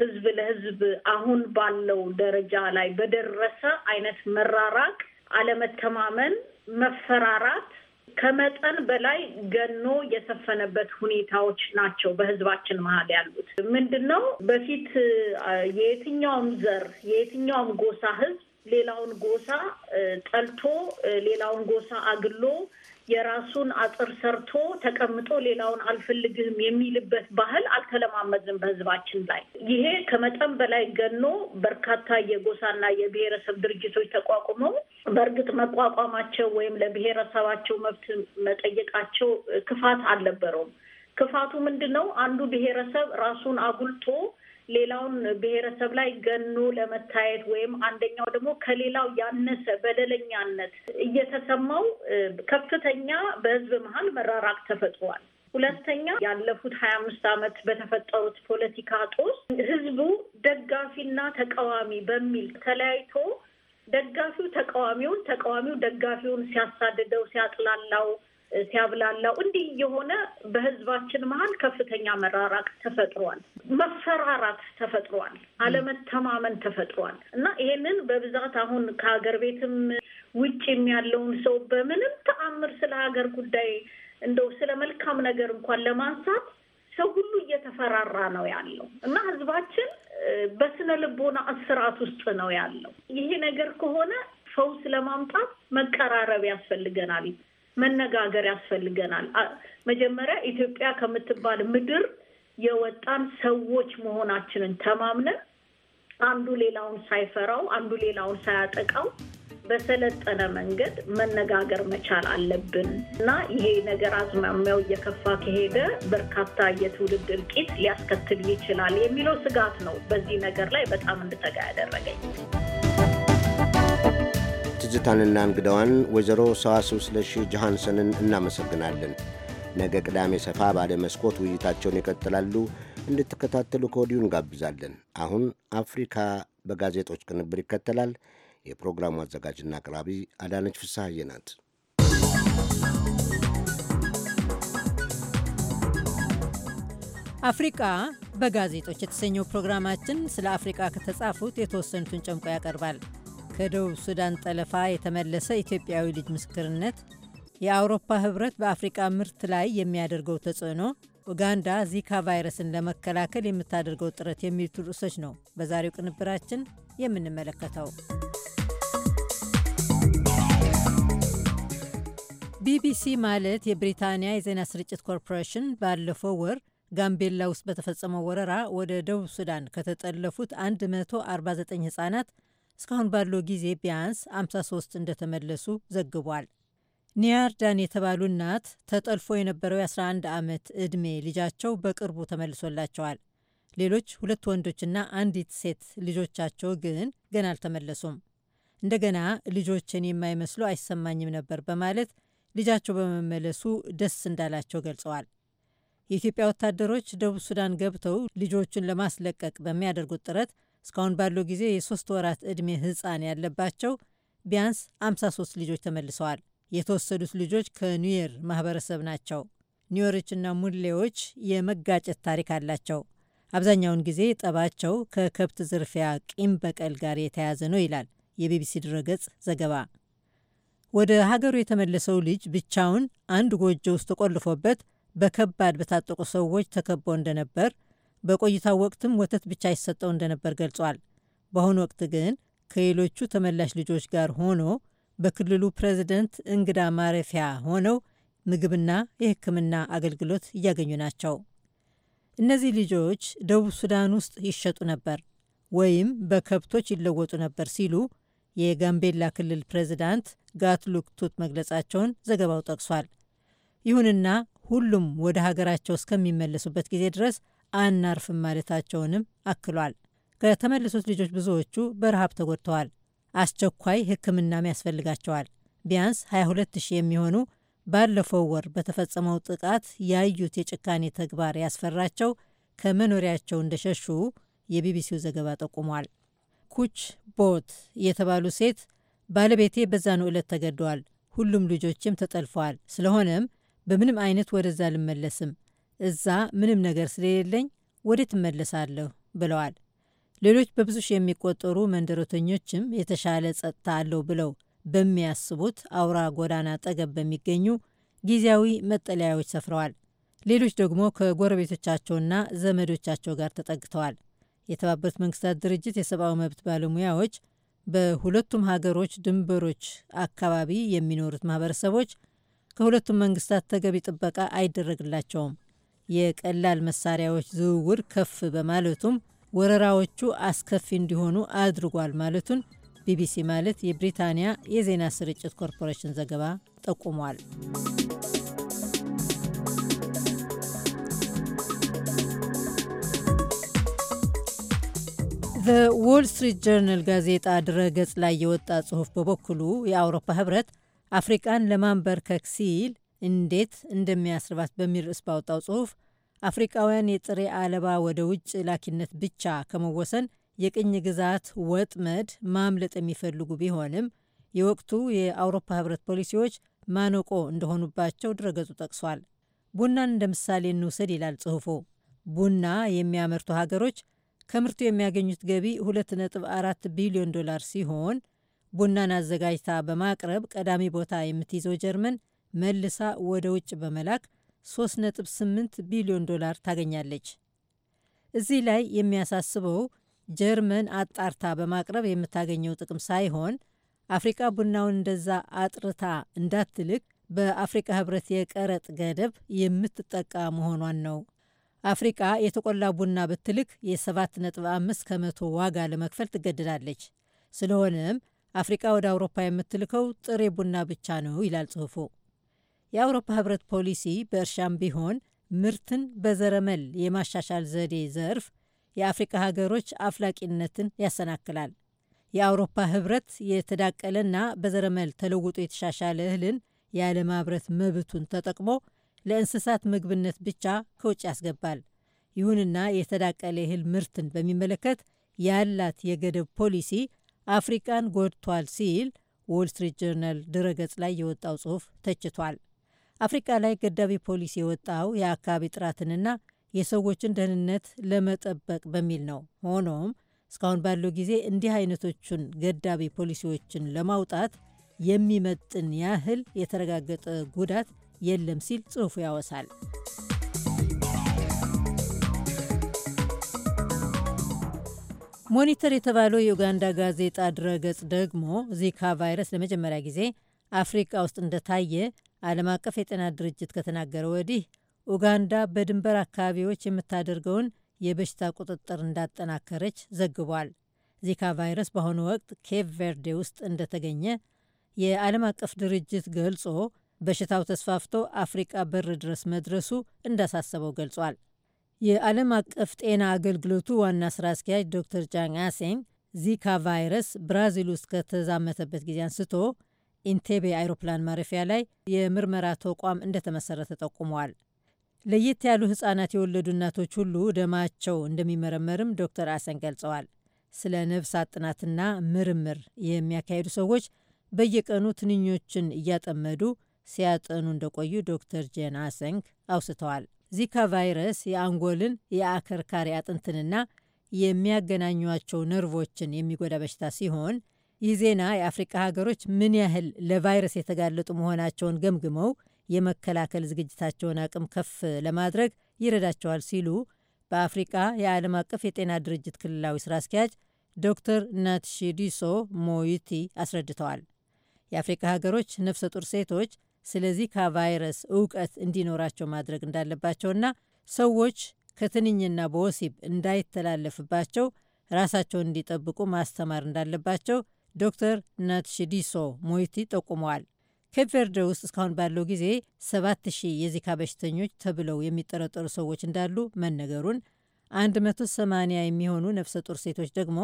ህዝብ ለህዝብ አሁን ባለው ደረጃ ላይ በደረሰ አይነት መራራቅ፣ አለመተማመን፣ መፈራራት ከመጠን በላይ ገኖ የሰፈነበት ሁኔታዎች ናቸው በህዝባችን መሀል ያሉት። ምንድን ነው በፊት የየትኛውም ዘር የየትኛውም ጎሳ ህዝብ ሌላውን ጎሳ ጠልቶ ሌላውን ጎሳ አግሎ የራሱን አጥር ሰርቶ ተቀምጦ ሌላውን አልፈልግህም የሚልበት ባህል አልተለማመድንም በህዝባችን ላይ። ይሄ ከመጠን በላይ ገኖ በርካታ የጎሳና የብሔረሰብ ድርጅቶች ተቋቁመው በእርግጥ መቋቋማቸው ወይም ለብሔረሰባቸው መብት መጠየቃቸው ክፋት አልነበረውም። ክፋቱ ምንድን ነው? አንዱ ብሔረሰብ ራሱን አጉልቶ ሌላውን ብሔረሰብ ላይ ገኖ ለመታየት ወይም አንደኛው ደግሞ ከሌላው ያነሰ በደለኛነት እየተሰማው ከፍተኛ በህዝብ መሀል መራራቅ ተፈጥሯል። ሁለተኛ ያለፉት ሀያ አምስት ዓመት በተፈጠሩት ፖለቲካ ጦስ ህዝቡ ደጋፊና ተቃዋሚ በሚል ተለያይቶ ደጋፊው ተቃዋሚውን፣ ተቃዋሚው ደጋፊውን ሲያሳድደው ሲያጥላላው ሲያብላላው እንዲህ የሆነ በህዝባችን መሀል ከፍተኛ መራራቅ ተፈጥሯል። መፈራራት ተፈጥሯል። አለመተማመን ተፈጥሯል እና ይሄንን በብዛት አሁን ከሀገር ቤትም ውጭም ያለውን ሰው በምንም ተአምር ስለ ሀገር ጉዳይ እንደው ስለ መልካም ነገር እንኳን ለማንሳት ሰው ሁሉ እየተፈራራ ነው ያለው እና ህዝባችን በስነ ልቦና እስራት ውስጥ ነው ያለው። ይሄ ነገር ከሆነ ፈውስ ለማምጣት መቀራረብ ያስፈልገናል። መነጋገር ያስፈልገናል። መጀመሪያ ኢትዮጵያ ከምትባል ምድር የወጣን ሰዎች መሆናችንን ተማምነን አንዱ ሌላውን ሳይፈራው፣ አንዱ ሌላውን ሳያጠቃው በሰለጠነ መንገድ መነጋገር መቻል አለብን እና ይሄ ነገር አዝማሚያው እየከፋ ከሄደ በርካታ የትውልድ እልቂት ሊያስከትል ይችላል የሚለው ስጋት ነው በዚህ ነገር ላይ በጣም እንድጠጋ ያደረገኝ። ትዝታንና እንግዳዋን ወይዘሮ ሰዋስው ስለሺ ጆሐንሰንን እናመሰግናለን። ነገ ቅዳሜ ሰፋ ባለ መስኮት ውይይታቸውን ይቀጥላሉ። እንድትከታተሉ ከወዲሁ እንጋብዛለን። አሁን አፍሪካ በጋዜጦች ቅንብር ይከተላል። የፕሮግራሙ አዘጋጅና አቅራቢ አዳነች ፍስሐዬ ናት። አፍሪቃ በጋዜጦች የተሰኘው ፕሮግራማችን ስለ አፍሪቃ ከተጻፉት የተወሰኑትን ጨምቆ ያቀርባል። ከደቡብ ሱዳን ጠለፋ የተመለሰ ኢትዮጵያዊ ልጅ ምስክርነት፣ የአውሮፓ ህብረት በአፍሪቃ ምርት ላይ የሚያደርገው ተጽዕኖ፣ ኡጋንዳ ዚካ ቫይረስን ለመከላከል የምታደርገው ጥረት የሚሉት ርዕሶች ነው በዛሬው ቅንብራችን የምንመለከተው። ቢቢሲ ማለት የብሪታንያ የዜና ስርጭት ኮርፖሬሽን ባለፈው ወር ጋምቤላ ውስጥ በተፈጸመው ወረራ ወደ ደቡብ ሱዳን ከተጠለፉት 149 ህጻናት እስካሁን ባለው ጊዜ ቢያንስ 53 እንደተመለሱ ዘግቧል። ኒያርዳን የተባሉ እናት ተጠልፎ የነበረው የ11 ዓመት ዕድሜ ልጃቸው በቅርቡ ተመልሶላቸዋል። ሌሎች ሁለት ወንዶችና አንዲት ሴት ልጆቻቸው ግን ገና አልተመለሱም። እንደገና ልጆችን የማይመስሉ አይሰማኝም ነበር በማለት ልጃቸው በመመለሱ ደስ እንዳላቸው ገልጸዋል። የኢትዮጵያ ወታደሮች ደቡብ ሱዳን ገብተው ልጆቹን ለማስለቀቅ በሚያደርጉት ጥረት እስካሁን ባለው ጊዜ የሶስት ወራት ዕድሜ ህፃን ያለባቸው ቢያንስ 53 ልጆች ተመልሰዋል። የተወሰዱት ልጆች ከኒየር ማህበረሰብ ናቸው። ኒዌሮችና ሙሌዎች የመጋጨት ታሪክ አላቸው። አብዛኛውን ጊዜ ጠባቸው ከከብት ዝርፊያ፣ ቂም በቀል ጋር የተያያዘ ነው ይላል የቢቢሲ ድረገጽ ዘገባ። ወደ ሀገሩ የተመለሰው ልጅ ብቻውን አንድ ጎጆ ውስጥ ተቆልፎበት በከባድ በታጠቁ ሰዎች ተከቦ እንደነበር በቆይታው ወቅትም ወተት ብቻ ይሰጠው እንደነበር ገልጿል። በአሁኑ ወቅት ግን ከሌሎቹ ተመላሽ ልጆች ጋር ሆኖ በክልሉ ፕሬዚደንት እንግዳ ማረፊያ ሆነው ምግብና የሕክምና አገልግሎት እያገኙ ናቸው። እነዚህ ልጆች ደቡብ ሱዳን ውስጥ ይሸጡ ነበር ወይም በከብቶች ይለወጡ ነበር ሲሉ የጋምቤላ ክልል ፕሬዚዳንት ጋትሉክ ቱት መግለጻቸውን ዘገባው ጠቅሷል። ይሁንና ሁሉም ወደ ሀገራቸው እስከሚመለሱበት ጊዜ ድረስ አናርፍም ማለታቸውንም አክሏል። ከተመለሱት ልጆች ብዙዎቹ በረሃብ ተጎድተዋል፣ አስቸኳይ ሕክምናም ያስፈልጋቸዋል። ቢያንስ 22000 የሚሆኑ ባለፈው ወር በተፈጸመው ጥቃት ያዩት የጭካኔ ተግባር ያስፈራቸው ከመኖሪያቸው እንደሸሹ የቢቢሲው ዘገባ ጠቁሟል። ኩች ቦት የተባሉ ሴት ባለቤቴ በዛኑ ዕለት ተገደዋል፣ ሁሉም ልጆችም ተጠልፈዋል። ስለሆነም በምንም አይነት ወደዛ አልመለስም እዛ ምንም ነገር ስለሌለኝ ወዴት እመለሳለሁ ብለዋል። ሌሎች በብዙ ሺህ የሚቆጠሩ መንደረተኞችም የተሻለ ጸጥታ አለው ብለው በሚያስቡት አውራ ጎዳና አጠገብ በሚገኙ ጊዜያዊ መጠለያዎች ሰፍረዋል። ሌሎች ደግሞ ከጎረቤቶቻቸውና ዘመዶቻቸው ጋር ተጠግተዋል። የተባበሩት መንግስታት ድርጅት የሰብአዊ መብት ባለሙያዎች በሁለቱም ሀገሮች ድንበሮች አካባቢ የሚኖሩት ማህበረሰቦች ከሁለቱም መንግስታት ተገቢ ጥበቃ አይደረግላቸውም የቀላል መሳሪያዎች ዝውውር ከፍ በማለቱም ወረራዎቹ አስከፊ እንዲሆኑ አድርጓል ማለቱን ቢቢሲ ማለት የብሪታንያ የዜና ስርጭት ኮርፖሬሽን ዘገባ ጠቁሟል። ዘ ስትሪት ጀርናል ጋዜጣ ድረገጽ ላይ የወጣ ጽሑፍ በበኩሉ የአውሮፓ ህብረት አፍሪቃን ለማንበርከክ ሲል እንዴት እንደሚያስርባት በሚል ርዕስ ባወጣው ጽሑፍ አፍሪቃውያን የጥሬ አለባ ወደ ውጭ ላኪነት ብቻ ከመወሰን የቅኝ ግዛት ወጥመድ ማምለጥ የሚፈልጉ ቢሆንም የወቅቱ የአውሮፓ ህብረት ፖሊሲዎች ማነቆ እንደሆኑባቸው ድረገጹ ጠቅሷል። ቡናን እንደ ምሳሌ እንውሰድ ይላል ጽሑፉ። ቡና የሚያመርቱ ሀገሮች ከምርቱ የሚያገኙት ገቢ 2.4 ቢሊዮን ዶላር ሲሆን ቡናን አዘጋጅታ በማቅረብ ቀዳሚ ቦታ የምትይዘው ጀርመን መልሳ ወደ ውጭ በመላክ 3.8 ቢሊዮን ዶላር ታገኛለች። እዚህ ላይ የሚያሳስበው ጀርመን አጣርታ በማቅረብ የምታገኘው ጥቅም ሳይሆን አፍሪቃ ቡናውን እንደዛ አጥርታ እንዳትልክ በአፍሪቃ ህብረት የቀረጥ ገደብ የምትጠቃ መሆኗን ነው። አፍሪቃ የተቆላ ቡና ብትልክ የ7.5 ከመቶ ዋጋ ለመክፈል ትገደዳለች። ስለሆነም አፍሪቃ ወደ አውሮፓ የምትልከው ጥሬ ቡና ብቻ ነው ይላል ጽሑፉ። የአውሮፓ ህብረት ፖሊሲ በእርሻም ቢሆን ምርትን በዘረመል የማሻሻል ዘዴ ዘርፍ የአፍሪካ ሀገሮች አፍላቂነትን ያሰናክላል። የአውሮፓ ህብረት የተዳቀለና በዘረመል ተለውጦ የተሻሻለ እህልን ያለማብረት መብቱን ተጠቅሞ ለእንስሳት ምግብነት ብቻ ከውጭ ያስገባል። ይሁንና የተዳቀለ እህል ምርትን በሚመለከት ያላት የገደብ ፖሊሲ አፍሪቃን ጎድቷል ሲል ዎል ስትሪት ጆርናል ድረገጽ ላይ የወጣው ጽሑፍ ተችቷል። አፍሪቃ ላይ ገዳቢ ፖሊሲ የወጣው የአካባቢ ጥራትንና የሰዎችን ደህንነት ለመጠበቅ በሚል ነው። ሆኖም እስካሁን ባለው ጊዜ እንዲህ አይነቶቹን ገዳቢ ፖሊሲዎችን ለማውጣት የሚመጥን ያህል የተረጋገጠ ጉዳት የለም ሲል ጽሑፉ ያወሳል። ሞኒተር የተባለው የኡጋንዳ ጋዜጣ ድረገጽ ደግሞ ዚካ ቫይረስ ለመጀመሪያ ጊዜ አፍሪካ ውስጥ እንደታየ ዓለም አቀፍ የጤና ድርጅት ከተናገረ ወዲህ ኡጋንዳ በድንበር አካባቢዎች የምታደርገውን የበሽታ ቁጥጥር እንዳጠናከረች ዘግቧል። ዚካ ቫይረስ በአሁኑ ወቅት ኬፕ ቬርዴ ውስጥ እንደተገኘ የዓለም አቀፍ ድርጅት ገልጾ በሽታው ተስፋፍቶ አፍሪቃ በር ድረስ መድረሱ እንዳሳሰበው ገልጿል። የዓለም አቀፍ ጤና አገልግሎቱ ዋና ስራ አስኪያጅ ዶክተር ጃን አሴን ዚካ ቫይረስ ብራዚል ውስጥ ከተዛመተበት ጊዜ አንስቶ ኢንቴቤ አይሮፕላን ማረፊያ ላይ የምርመራ ተቋም እንደተመሰረተ ጠቁመዋል። ለየት ያሉ ህጻናት የወለዱ እናቶች ሁሉ ደማቸው እንደሚመረመርም ዶክተር አሰን ገልጸዋል። ስለ ነፍሳት ጥናትና ምርምር የሚያካሂዱ ሰዎች በየቀኑ ትንኞችን እያጠመዱ ሲያጠኑ እንደቆዩ ዶክተር ጄን አሰንግ አውስተዋል። ዚካ ቫይረስ የአንጎልን የአከርካሪ አጥንትንና የሚያገናኟቸው ነርቮችን የሚጎዳ በሽታ ሲሆን ይህ ዜና የአፍሪቃ ሀገሮች ምን ያህል ለቫይረስ የተጋለጡ መሆናቸውን ገምግመው የመከላከል ዝግጅታቸውን አቅም ከፍ ለማድረግ ይረዳቸዋል ሲሉ በአፍሪቃ የዓለም አቀፍ የጤና ድርጅት ክልላዊ ስራ አስኪያጅ ዶክተር ናትሺዲሶ ሞይቲ አስረድተዋል። የአፍሪካ ሀገሮች ነፍሰ ጡር ሴቶች ስለዚህ ከቫይረስ እውቀት እንዲኖራቸው ማድረግ እንዳለባቸውና ሰዎች ከትንኝና በወሲብ እንዳይተላለፍባቸው ራሳቸውን እንዲጠብቁ ማስተማር እንዳለባቸው ዶክተር ናትሽዲሶ ሞይቲ ጠቁመዋል። ኬፕ ቨርደ ውስጥ እስካሁን ባለው ጊዜ 7000 የዚካ በሽተኞች ተብለው የሚጠረጠሩ ሰዎች እንዳሉ መነገሩን 180 የሚሆኑ ነፍሰ ጡር ሴቶች ደግሞ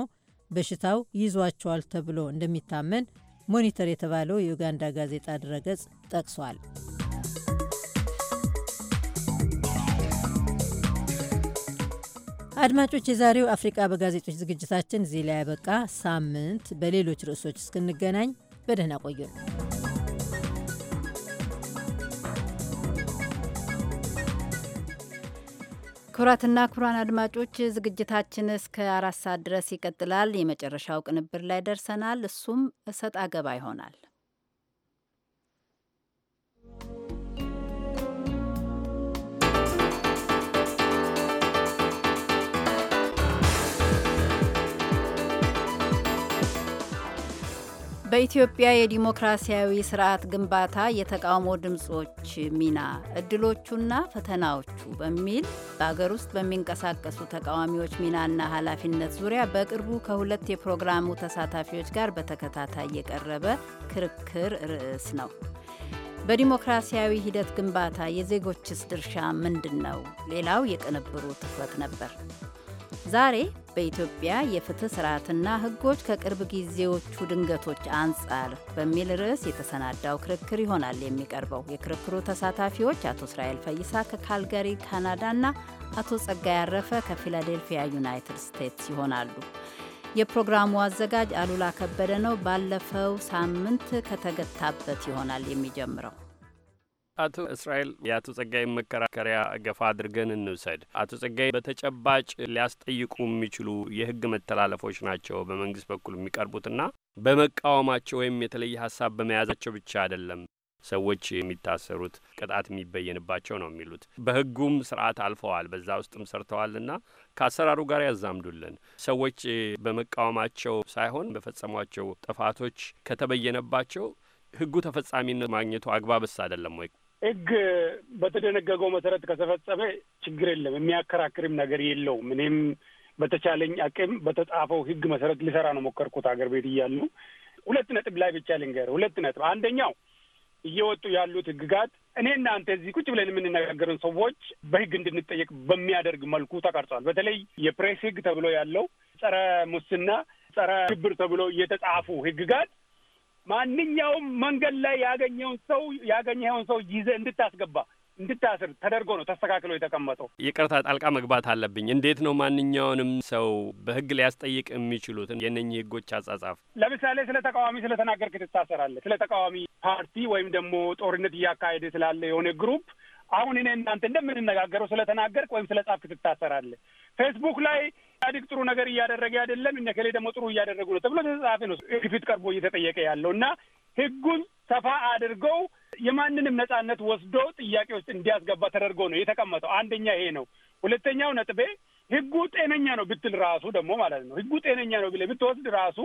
በሽታው ይዟቸዋል ተብሎ እንደሚታመን ሞኒተር የተባለው የኡጋንዳ ጋዜጣ ድረገጽ ጠቅሷል። አድማጮች፣ የዛሬው አፍሪቃ በጋዜጦች ዝግጅታችን እዚህ ላይ ያበቃ። ሳምንት በሌሎች ርዕሶች እስክንገናኝ በደህና ቆዩ። ክቡራትና ክቡራን አድማጮች ዝግጅታችን እስከ አራት ሰዓት ድረስ ይቀጥላል። የመጨረሻው ቅንብር ላይ ደርሰናል። እሱም እሰጥ አገባ ይሆናል። በኢትዮጵያ የዲሞክራሲያዊ ስርዓት ግንባታ የተቃውሞ ድምጾች ሚና እድሎቹና ፈተናዎቹ በሚል በአገር ውስጥ በሚንቀሳቀሱ ተቃዋሚዎች ሚናና ኃላፊነት ዙሪያ በቅርቡ ከሁለት የፕሮግራሙ ተሳታፊዎች ጋር በተከታታይ የቀረበ ክርክር ርዕስ ነው። በዲሞክራሲያዊ ሂደት ግንባታ የዜጎችስ ድርሻ ምንድን ነው? ሌላው የቅንብሩ ትኩረት ነበር። ዛሬ በኢትዮጵያ የፍትህ ስርዓትና ህጎች ከቅርብ ጊዜዎቹ ድንገቶች አንጻር በሚል ርዕስ የተሰናዳው ክርክር ይሆናል የሚቀርበው። የክርክሩ ተሳታፊዎች አቶ እስራኤል ፈይሳ ከካልጋሪ ካናዳና አቶ ጸጋ ያረፈ ከፊላዴልፊያ ዩናይትድ ስቴትስ ይሆናሉ። የፕሮግራሙ አዘጋጅ አሉላ ከበደ ነው። ባለፈው ሳምንት ከተገታበት ይሆናል የሚጀምረው። አቶ እስራኤል የአቶ ጸጋይ መከራከሪያ ገፋ አድርገን እንውሰድ። አቶ ጸጋይ በተጨባጭ ሊያስጠይቁ የሚችሉ የህግ መተላለፎች ናቸው በመንግስት በኩል የሚቀርቡትና በመቃወማቸው ወይም የተለየ ሀሳብ በመያዛቸው ብቻ አይደለም ሰዎች የሚታሰሩት ቅጣት የሚበየንባቸው ነው የሚሉት በህጉም ስርዓት አልፈዋል፣ በዛ ውስጥም ሰርተዋልና ከአሰራሩ ጋር ያዛምዱልን። ሰዎች በመቃወማቸው ሳይሆን በፈጸሟቸው ጥፋቶች ከተበየነባቸው ህጉ ተፈጻሚነት ማግኘቱ አግባብስ አይደለም ወይ? ህግ በተደነገገው መሰረት ከተፈጸመ ችግር የለም፣ የሚያከራክርም ነገር የለውም። እኔም በተቻለኝ አቅም በተጻፈው ህግ መሰረት ልሰራ ነው ሞከርኩት ሀገር ቤት እያሉ ሁለት ነጥብ ላይ ብቻ ልንገር። ሁለት ነጥብ አንደኛው እየወጡ ያሉት ህግጋት እኔ እናንተ እዚህ ቁጭ ብለን የምንነጋገርን ሰዎች በህግ እንድንጠየቅ በሚያደርግ መልኩ ተቀርጿል። በተለይ የፕሬስ ህግ ተብሎ ያለው ጸረ ሙስና፣ ጸረ ሽብር ተብሎ የተጻፉ ህግጋት። ማንኛውም መንገድ ላይ ያገኘውን ሰው ያገኘውን ሰው ይዘህ እንድታስገባ እንድታስር ተደርጎ ነው ተስተካክሎ የተቀመጠው። ይቅርታ ጣልቃ መግባት አለብኝ። እንዴት ነው ማንኛውንም ሰው በህግ ሊያስጠይቅ የሚችሉትን የእነኚህ ህጎች አጻጻፍ? ለምሳሌ ስለ ተቃዋሚ ስለተናገርክ ትታሰራለህ። ስለ ተቃዋሚ ፓርቲ ወይም ደግሞ ጦርነት እያካሄደ ስላለ የሆነ ግሩፕ አሁን እኔ እናንተ እንደምንነጋገረው ስለተናገርክ ወይም ስለ ጻፍክ ትታሰራለህ። ፌስቡክ ላይ ኢህአዴግ ጥሩ ነገር እያደረገ አይደለም፣ እነ ከሌ ደግሞ ጥሩ እያደረጉ ነው ተብሎ ተጻፈ ነው ግፊት ቀርቦ እየተጠየቀ ያለው እና ህጉን ሰፋ አድርገው የማንንም ነጻነት ወስዶ ጥያቄ ውስጥ እንዲያስገባ ተደርጎ ነው የተቀመጠው። አንደኛ ይሄ ነው። ሁለተኛው ነጥቤ ህጉ ጤነኛ ነው ብትል ራሱ ደግሞ ማለት ነው ህጉ ጤነኛ ነው ብለህ ብትወስድ ራሱ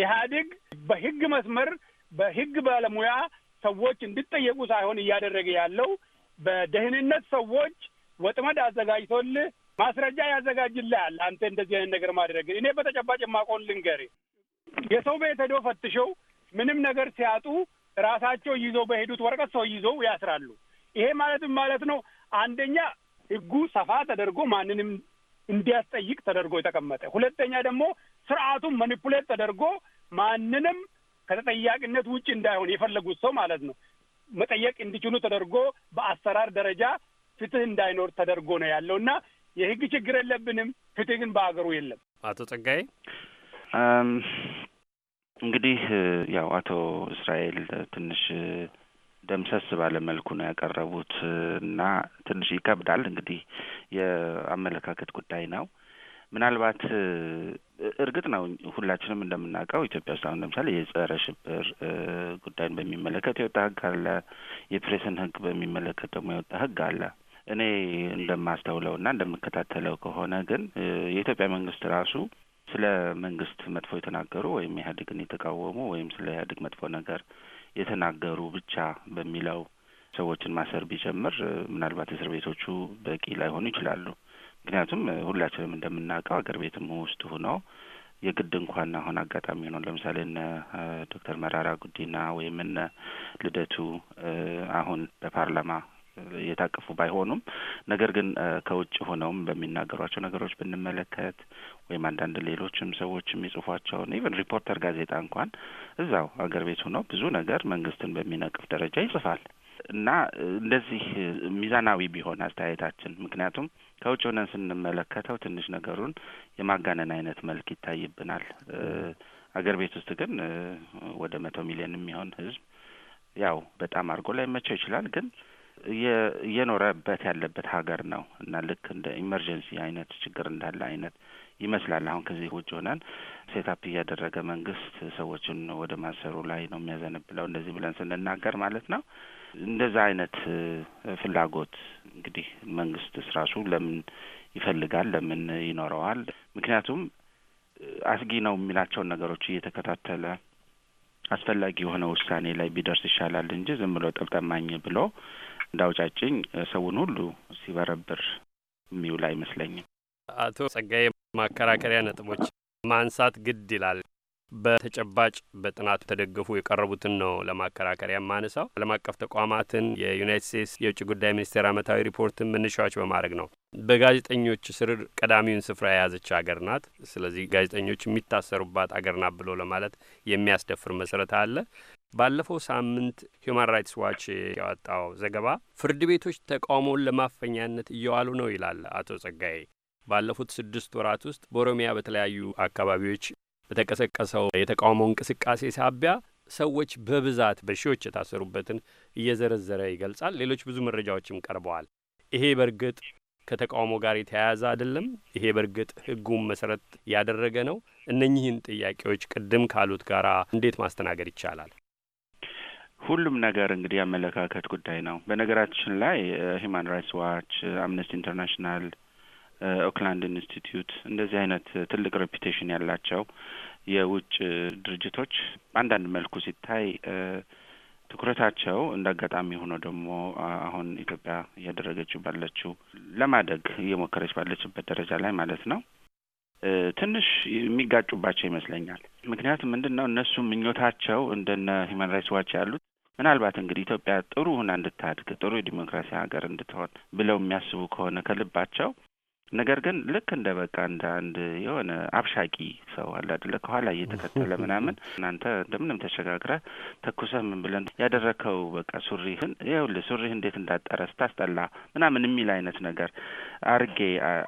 ኢህአዴግ በህግ መስመር በህግ ባለሙያ ሰዎች እንዲጠየቁ ሳይሆን እያደረገ ያለው በደህንነት ሰዎች ወጥመድ አዘጋጅቶልህ ማስረጃ ያዘጋጅልሃል። አንተ እንደዚህ አይነት ነገር ማድረግ እኔ በተጨባጭ የማቆን ልንገር የሰው ቤት ሄዶ ፈትሸው ምንም ነገር ሲያጡ ራሳቸው ይዘው በሄዱት ወረቀት ሰው ይዘው ያስራሉ። ይሄ ማለትም ማለት ነው አንደኛ ህጉ ሰፋ ተደርጎ ማንንም እንዲያስጠይቅ ተደርጎ የተቀመጠ፣ ሁለተኛ ደግሞ ስርዓቱን መኒፑሌት ተደርጎ ማንንም ከተጠያቂነት ውጭ እንዳይሆን የፈለጉት ሰው ማለት ነው መጠየቅ እንዲችሉ ተደርጎ በአሰራር ደረጃ ፍትህ እንዳይኖር ተደርጎ ነው ያለው እና የህግ ችግር የለብንም። ፍትህ ግን በሀገሩ የለም። አቶ ጸጋዬ እንግዲህ ያው አቶ እስራኤል ትንሽ ደምሰስ ባለ መልኩ ነው ያቀረቡት እና ትንሽ ይከብዳል። እንግዲህ የአመለካከት ጉዳይ ነው። ምናልባት እርግጥ ነው ሁላችንም እንደምናውቀው ኢትዮጵያ ውስጥ አሁን ለምሳሌ የጸረ ሽብር ጉዳይን በሚመለከት የወጣ ህግ አለ። የፕሬስን ህግ በሚመለከት ደግሞ የወጣ ህግ አለ። እኔ እንደማስተውለው እና እንደምከታተለው ከሆነ ግን የኢትዮጵያ መንግስት ራሱ ስለ መንግስት መጥፎ የተናገሩ ወይም ኢህአዴግን የተቃወሙ ወይም ስለ ኢህአዴግ መጥፎ ነገር የተናገሩ ብቻ በሚለው ሰዎችን ማሰር ቢጀምር ምናልባት እስር ቤቶቹ በቂ ላይሆኑ ይችላሉ። ምክንያቱም ሁላችንም እንደምናውቀው አገር ቤትም ውስጥ ሆኖ የግድ እንኳን አሁን አጋጣሚ ሆነው ለምሳሌ እነ ዶክተር መራራ ጉዲና ወይም እነ ልደቱ አሁን በፓርላማ የታቀፉ ባይሆኑም ነገር ግን ከውጭ ሆነውም በሚናገሯቸው ነገሮች ብንመለከት ወይም አንዳንድ ሌሎችም ሰዎች የሚጽፏቸውን ኢቨን ሪፖርተር ጋዜጣ እንኳን እዛው ሀገር ቤት ሆኖ ብዙ ነገር መንግስትን በሚነቅፍ ደረጃ ይጽፋል እና እንደዚህ ሚዛናዊ ቢሆን አስተያየታችን ምክንያቱም ከውጭ ሆነን ስንመለከተው ትንሽ ነገሩን የማጋነን አይነት መልክ ይታይብናል። አገር ቤት ውስጥ ግን ወደ መቶ ሚሊዮን የሚሆን ህዝብ ያው በጣም አድርጎ መቸው ይችላል ግን እየኖረበት ያለበት ሀገር ነው እና ልክ እንደ ኢመርጀንሲ አይነት ችግር እንዳለ አይነት ይመስላል። አሁን ከዚህ ውጭ ሆነን ሴታፕ እያደረገ መንግስት ሰዎችን ወደ ማሰሩ ላይ ነው የሚያዘነብለው እንደዚህ ብለን ስንናገር ማለት ነው። እንደዛ አይነት ፍላጎት እንግዲህ መንግስትስ ራሱ ለምን ይፈልጋል? ለምን ይኖረዋል? ምክንያቱም አስጊ ነው የሚላቸውን ነገሮች እየተከታተለ አስፈላጊ የሆነ ውሳኔ ላይ ቢደርስ ይሻላል እንጂ ዝም ብሎ ጠብጠማኝ ብሎ እንዳውጫጭኝ ሰውን ሁሉ ሲበረብር የሚውል አይመስለኝም። አቶ ጸጋዬ ማከራከሪያ ነጥቦች ማንሳት ግድ ይላል። በተጨባጭ በጥናቱ ተደገፉ የቀረቡትን ነው ለማከራከሪያ የማነሳው። ዓለም አቀፍ ተቋማትን የዩናይት ስቴትስ የውጭ ጉዳይ ሚኒስቴር ዓመታዊ ሪፖርትን መነሻዎች በማድረግ ነው። በጋዜጠኞች ስር ቀዳሚውን ስፍራ የያዘች አገር ናት። ስለዚህ ጋዜጠኞች የሚታሰሩባት አገር ናት ብሎ ለማለት የሚያስደፍር መሰረት አለ። ባለፈው ሳምንት ሁማን ራይትስ ዋች ያወጣው ዘገባ ፍርድ ቤቶች ተቃውሞውን ለማፈኛነት እየዋሉ ነው ይላል። አቶ ጸጋዬ ባለፉት ስድስት ወራት ውስጥ በኦሮሚያ በተለያዩ አካባቢዎች በተቀሰቀሰው የተቃውሞ እንቅስቃሴ ሳቢያ ሰዎች በብዛት በሺዎች የታሰሩበትን እየዘረዘረ ይገልጻል። ሌሎች ብዙ መረጃዎችም ቀርበዋል። ይሄ በእርግጥ ከተቃውሞ ጋር የተያያዘ አይደለም። ይሄ በእርግጥ ሕጉን መሰረት ያደረገ ነው። እነኚህን ጥያቄዎች ቅድም ካሉት ጋር እንዴት ማስተናገድ ይቻላል? ሁሉም ነገር እንግዲህ አመለካከት ጉዳይ ነው። በነገራችን ላይ ሂማን ራይትስ ዋች፣ አምነስቲ ኢንተርናሽናል፣ ኦክላንድ ኢንስቲትዩት እንደዚህ አይነት ትልቅ ሬፒቴሽን ያላቸው የውጭ ድርጅቶች በአንዳንድ መልኩ ሲታይ ትኩረታቸው እንደ አጋጣሚ ሆኖ ደግሞ አሁን ኢትዮጵያ እያደረገችው ባለችው ለማደግ እየሞከረች ባለችበት ደረጃ ላይ ማለት ነው ትንሽ የሚጋጩባቸው ይመስለኛል። ምክንያቱም ምንድን ነው እነሱ ምኞታቸው እንደነ ሂማን ራይትስ ዋች ያሉት ምናልባት እንግዲህ ኢትዮጵያ ጥሩ ሆና እንድታድግ ጥሩ የዲሞክራሲ ሀገር እንድትሆን ብለው የሚያስቡ ከሆነ ከልባቸው ነገር ግን ልክ እንደ በቃ እንደ አንድ የሆነ አብሻቂ ሰው አለ አይደለ? ከኋላ እየተከተለ ምናምን እናንተ እንደምንም ተሸጋግረ ተኩሰህ ምን ብለን ያደረከው በቃ ሱሪህን ይኸውልህ ሱሪህ እንዴት እንዳጠረ ስታስጠላ ምናምን የሚል አይነት ነገር አርጌ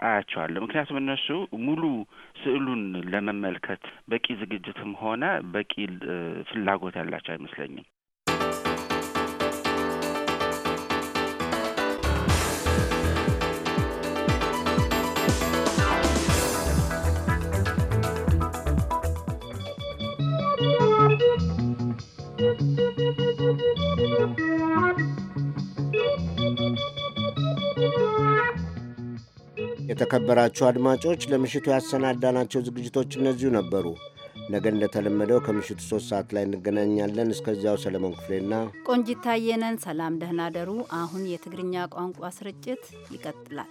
አያቸዋለሁ። ምክንያቱም እነሱ ሙሉ ስዕሉን ለመመልከት በቂ ዝግጅትም ሆነ በቂ ፍላጎት ያላቸው አይመስለኝም። የተከበራችሁ አድማጮች ለምሽቱ ያሰናዳናቸው ዝግጅቶች እነዚሁ ነበሩ። ነገ እንደተለመደው ከምሽቱ ሶስት ሰዓት ላይ እንገናኛለን። እስከዚያው ሰለሞን ክፍሌና ቆንጂት ታየ ነን። ሰላም፣ ደህና ደሩ። አሁን የትግርኛ ቋንቋ ስርጭት ይቀጥላል።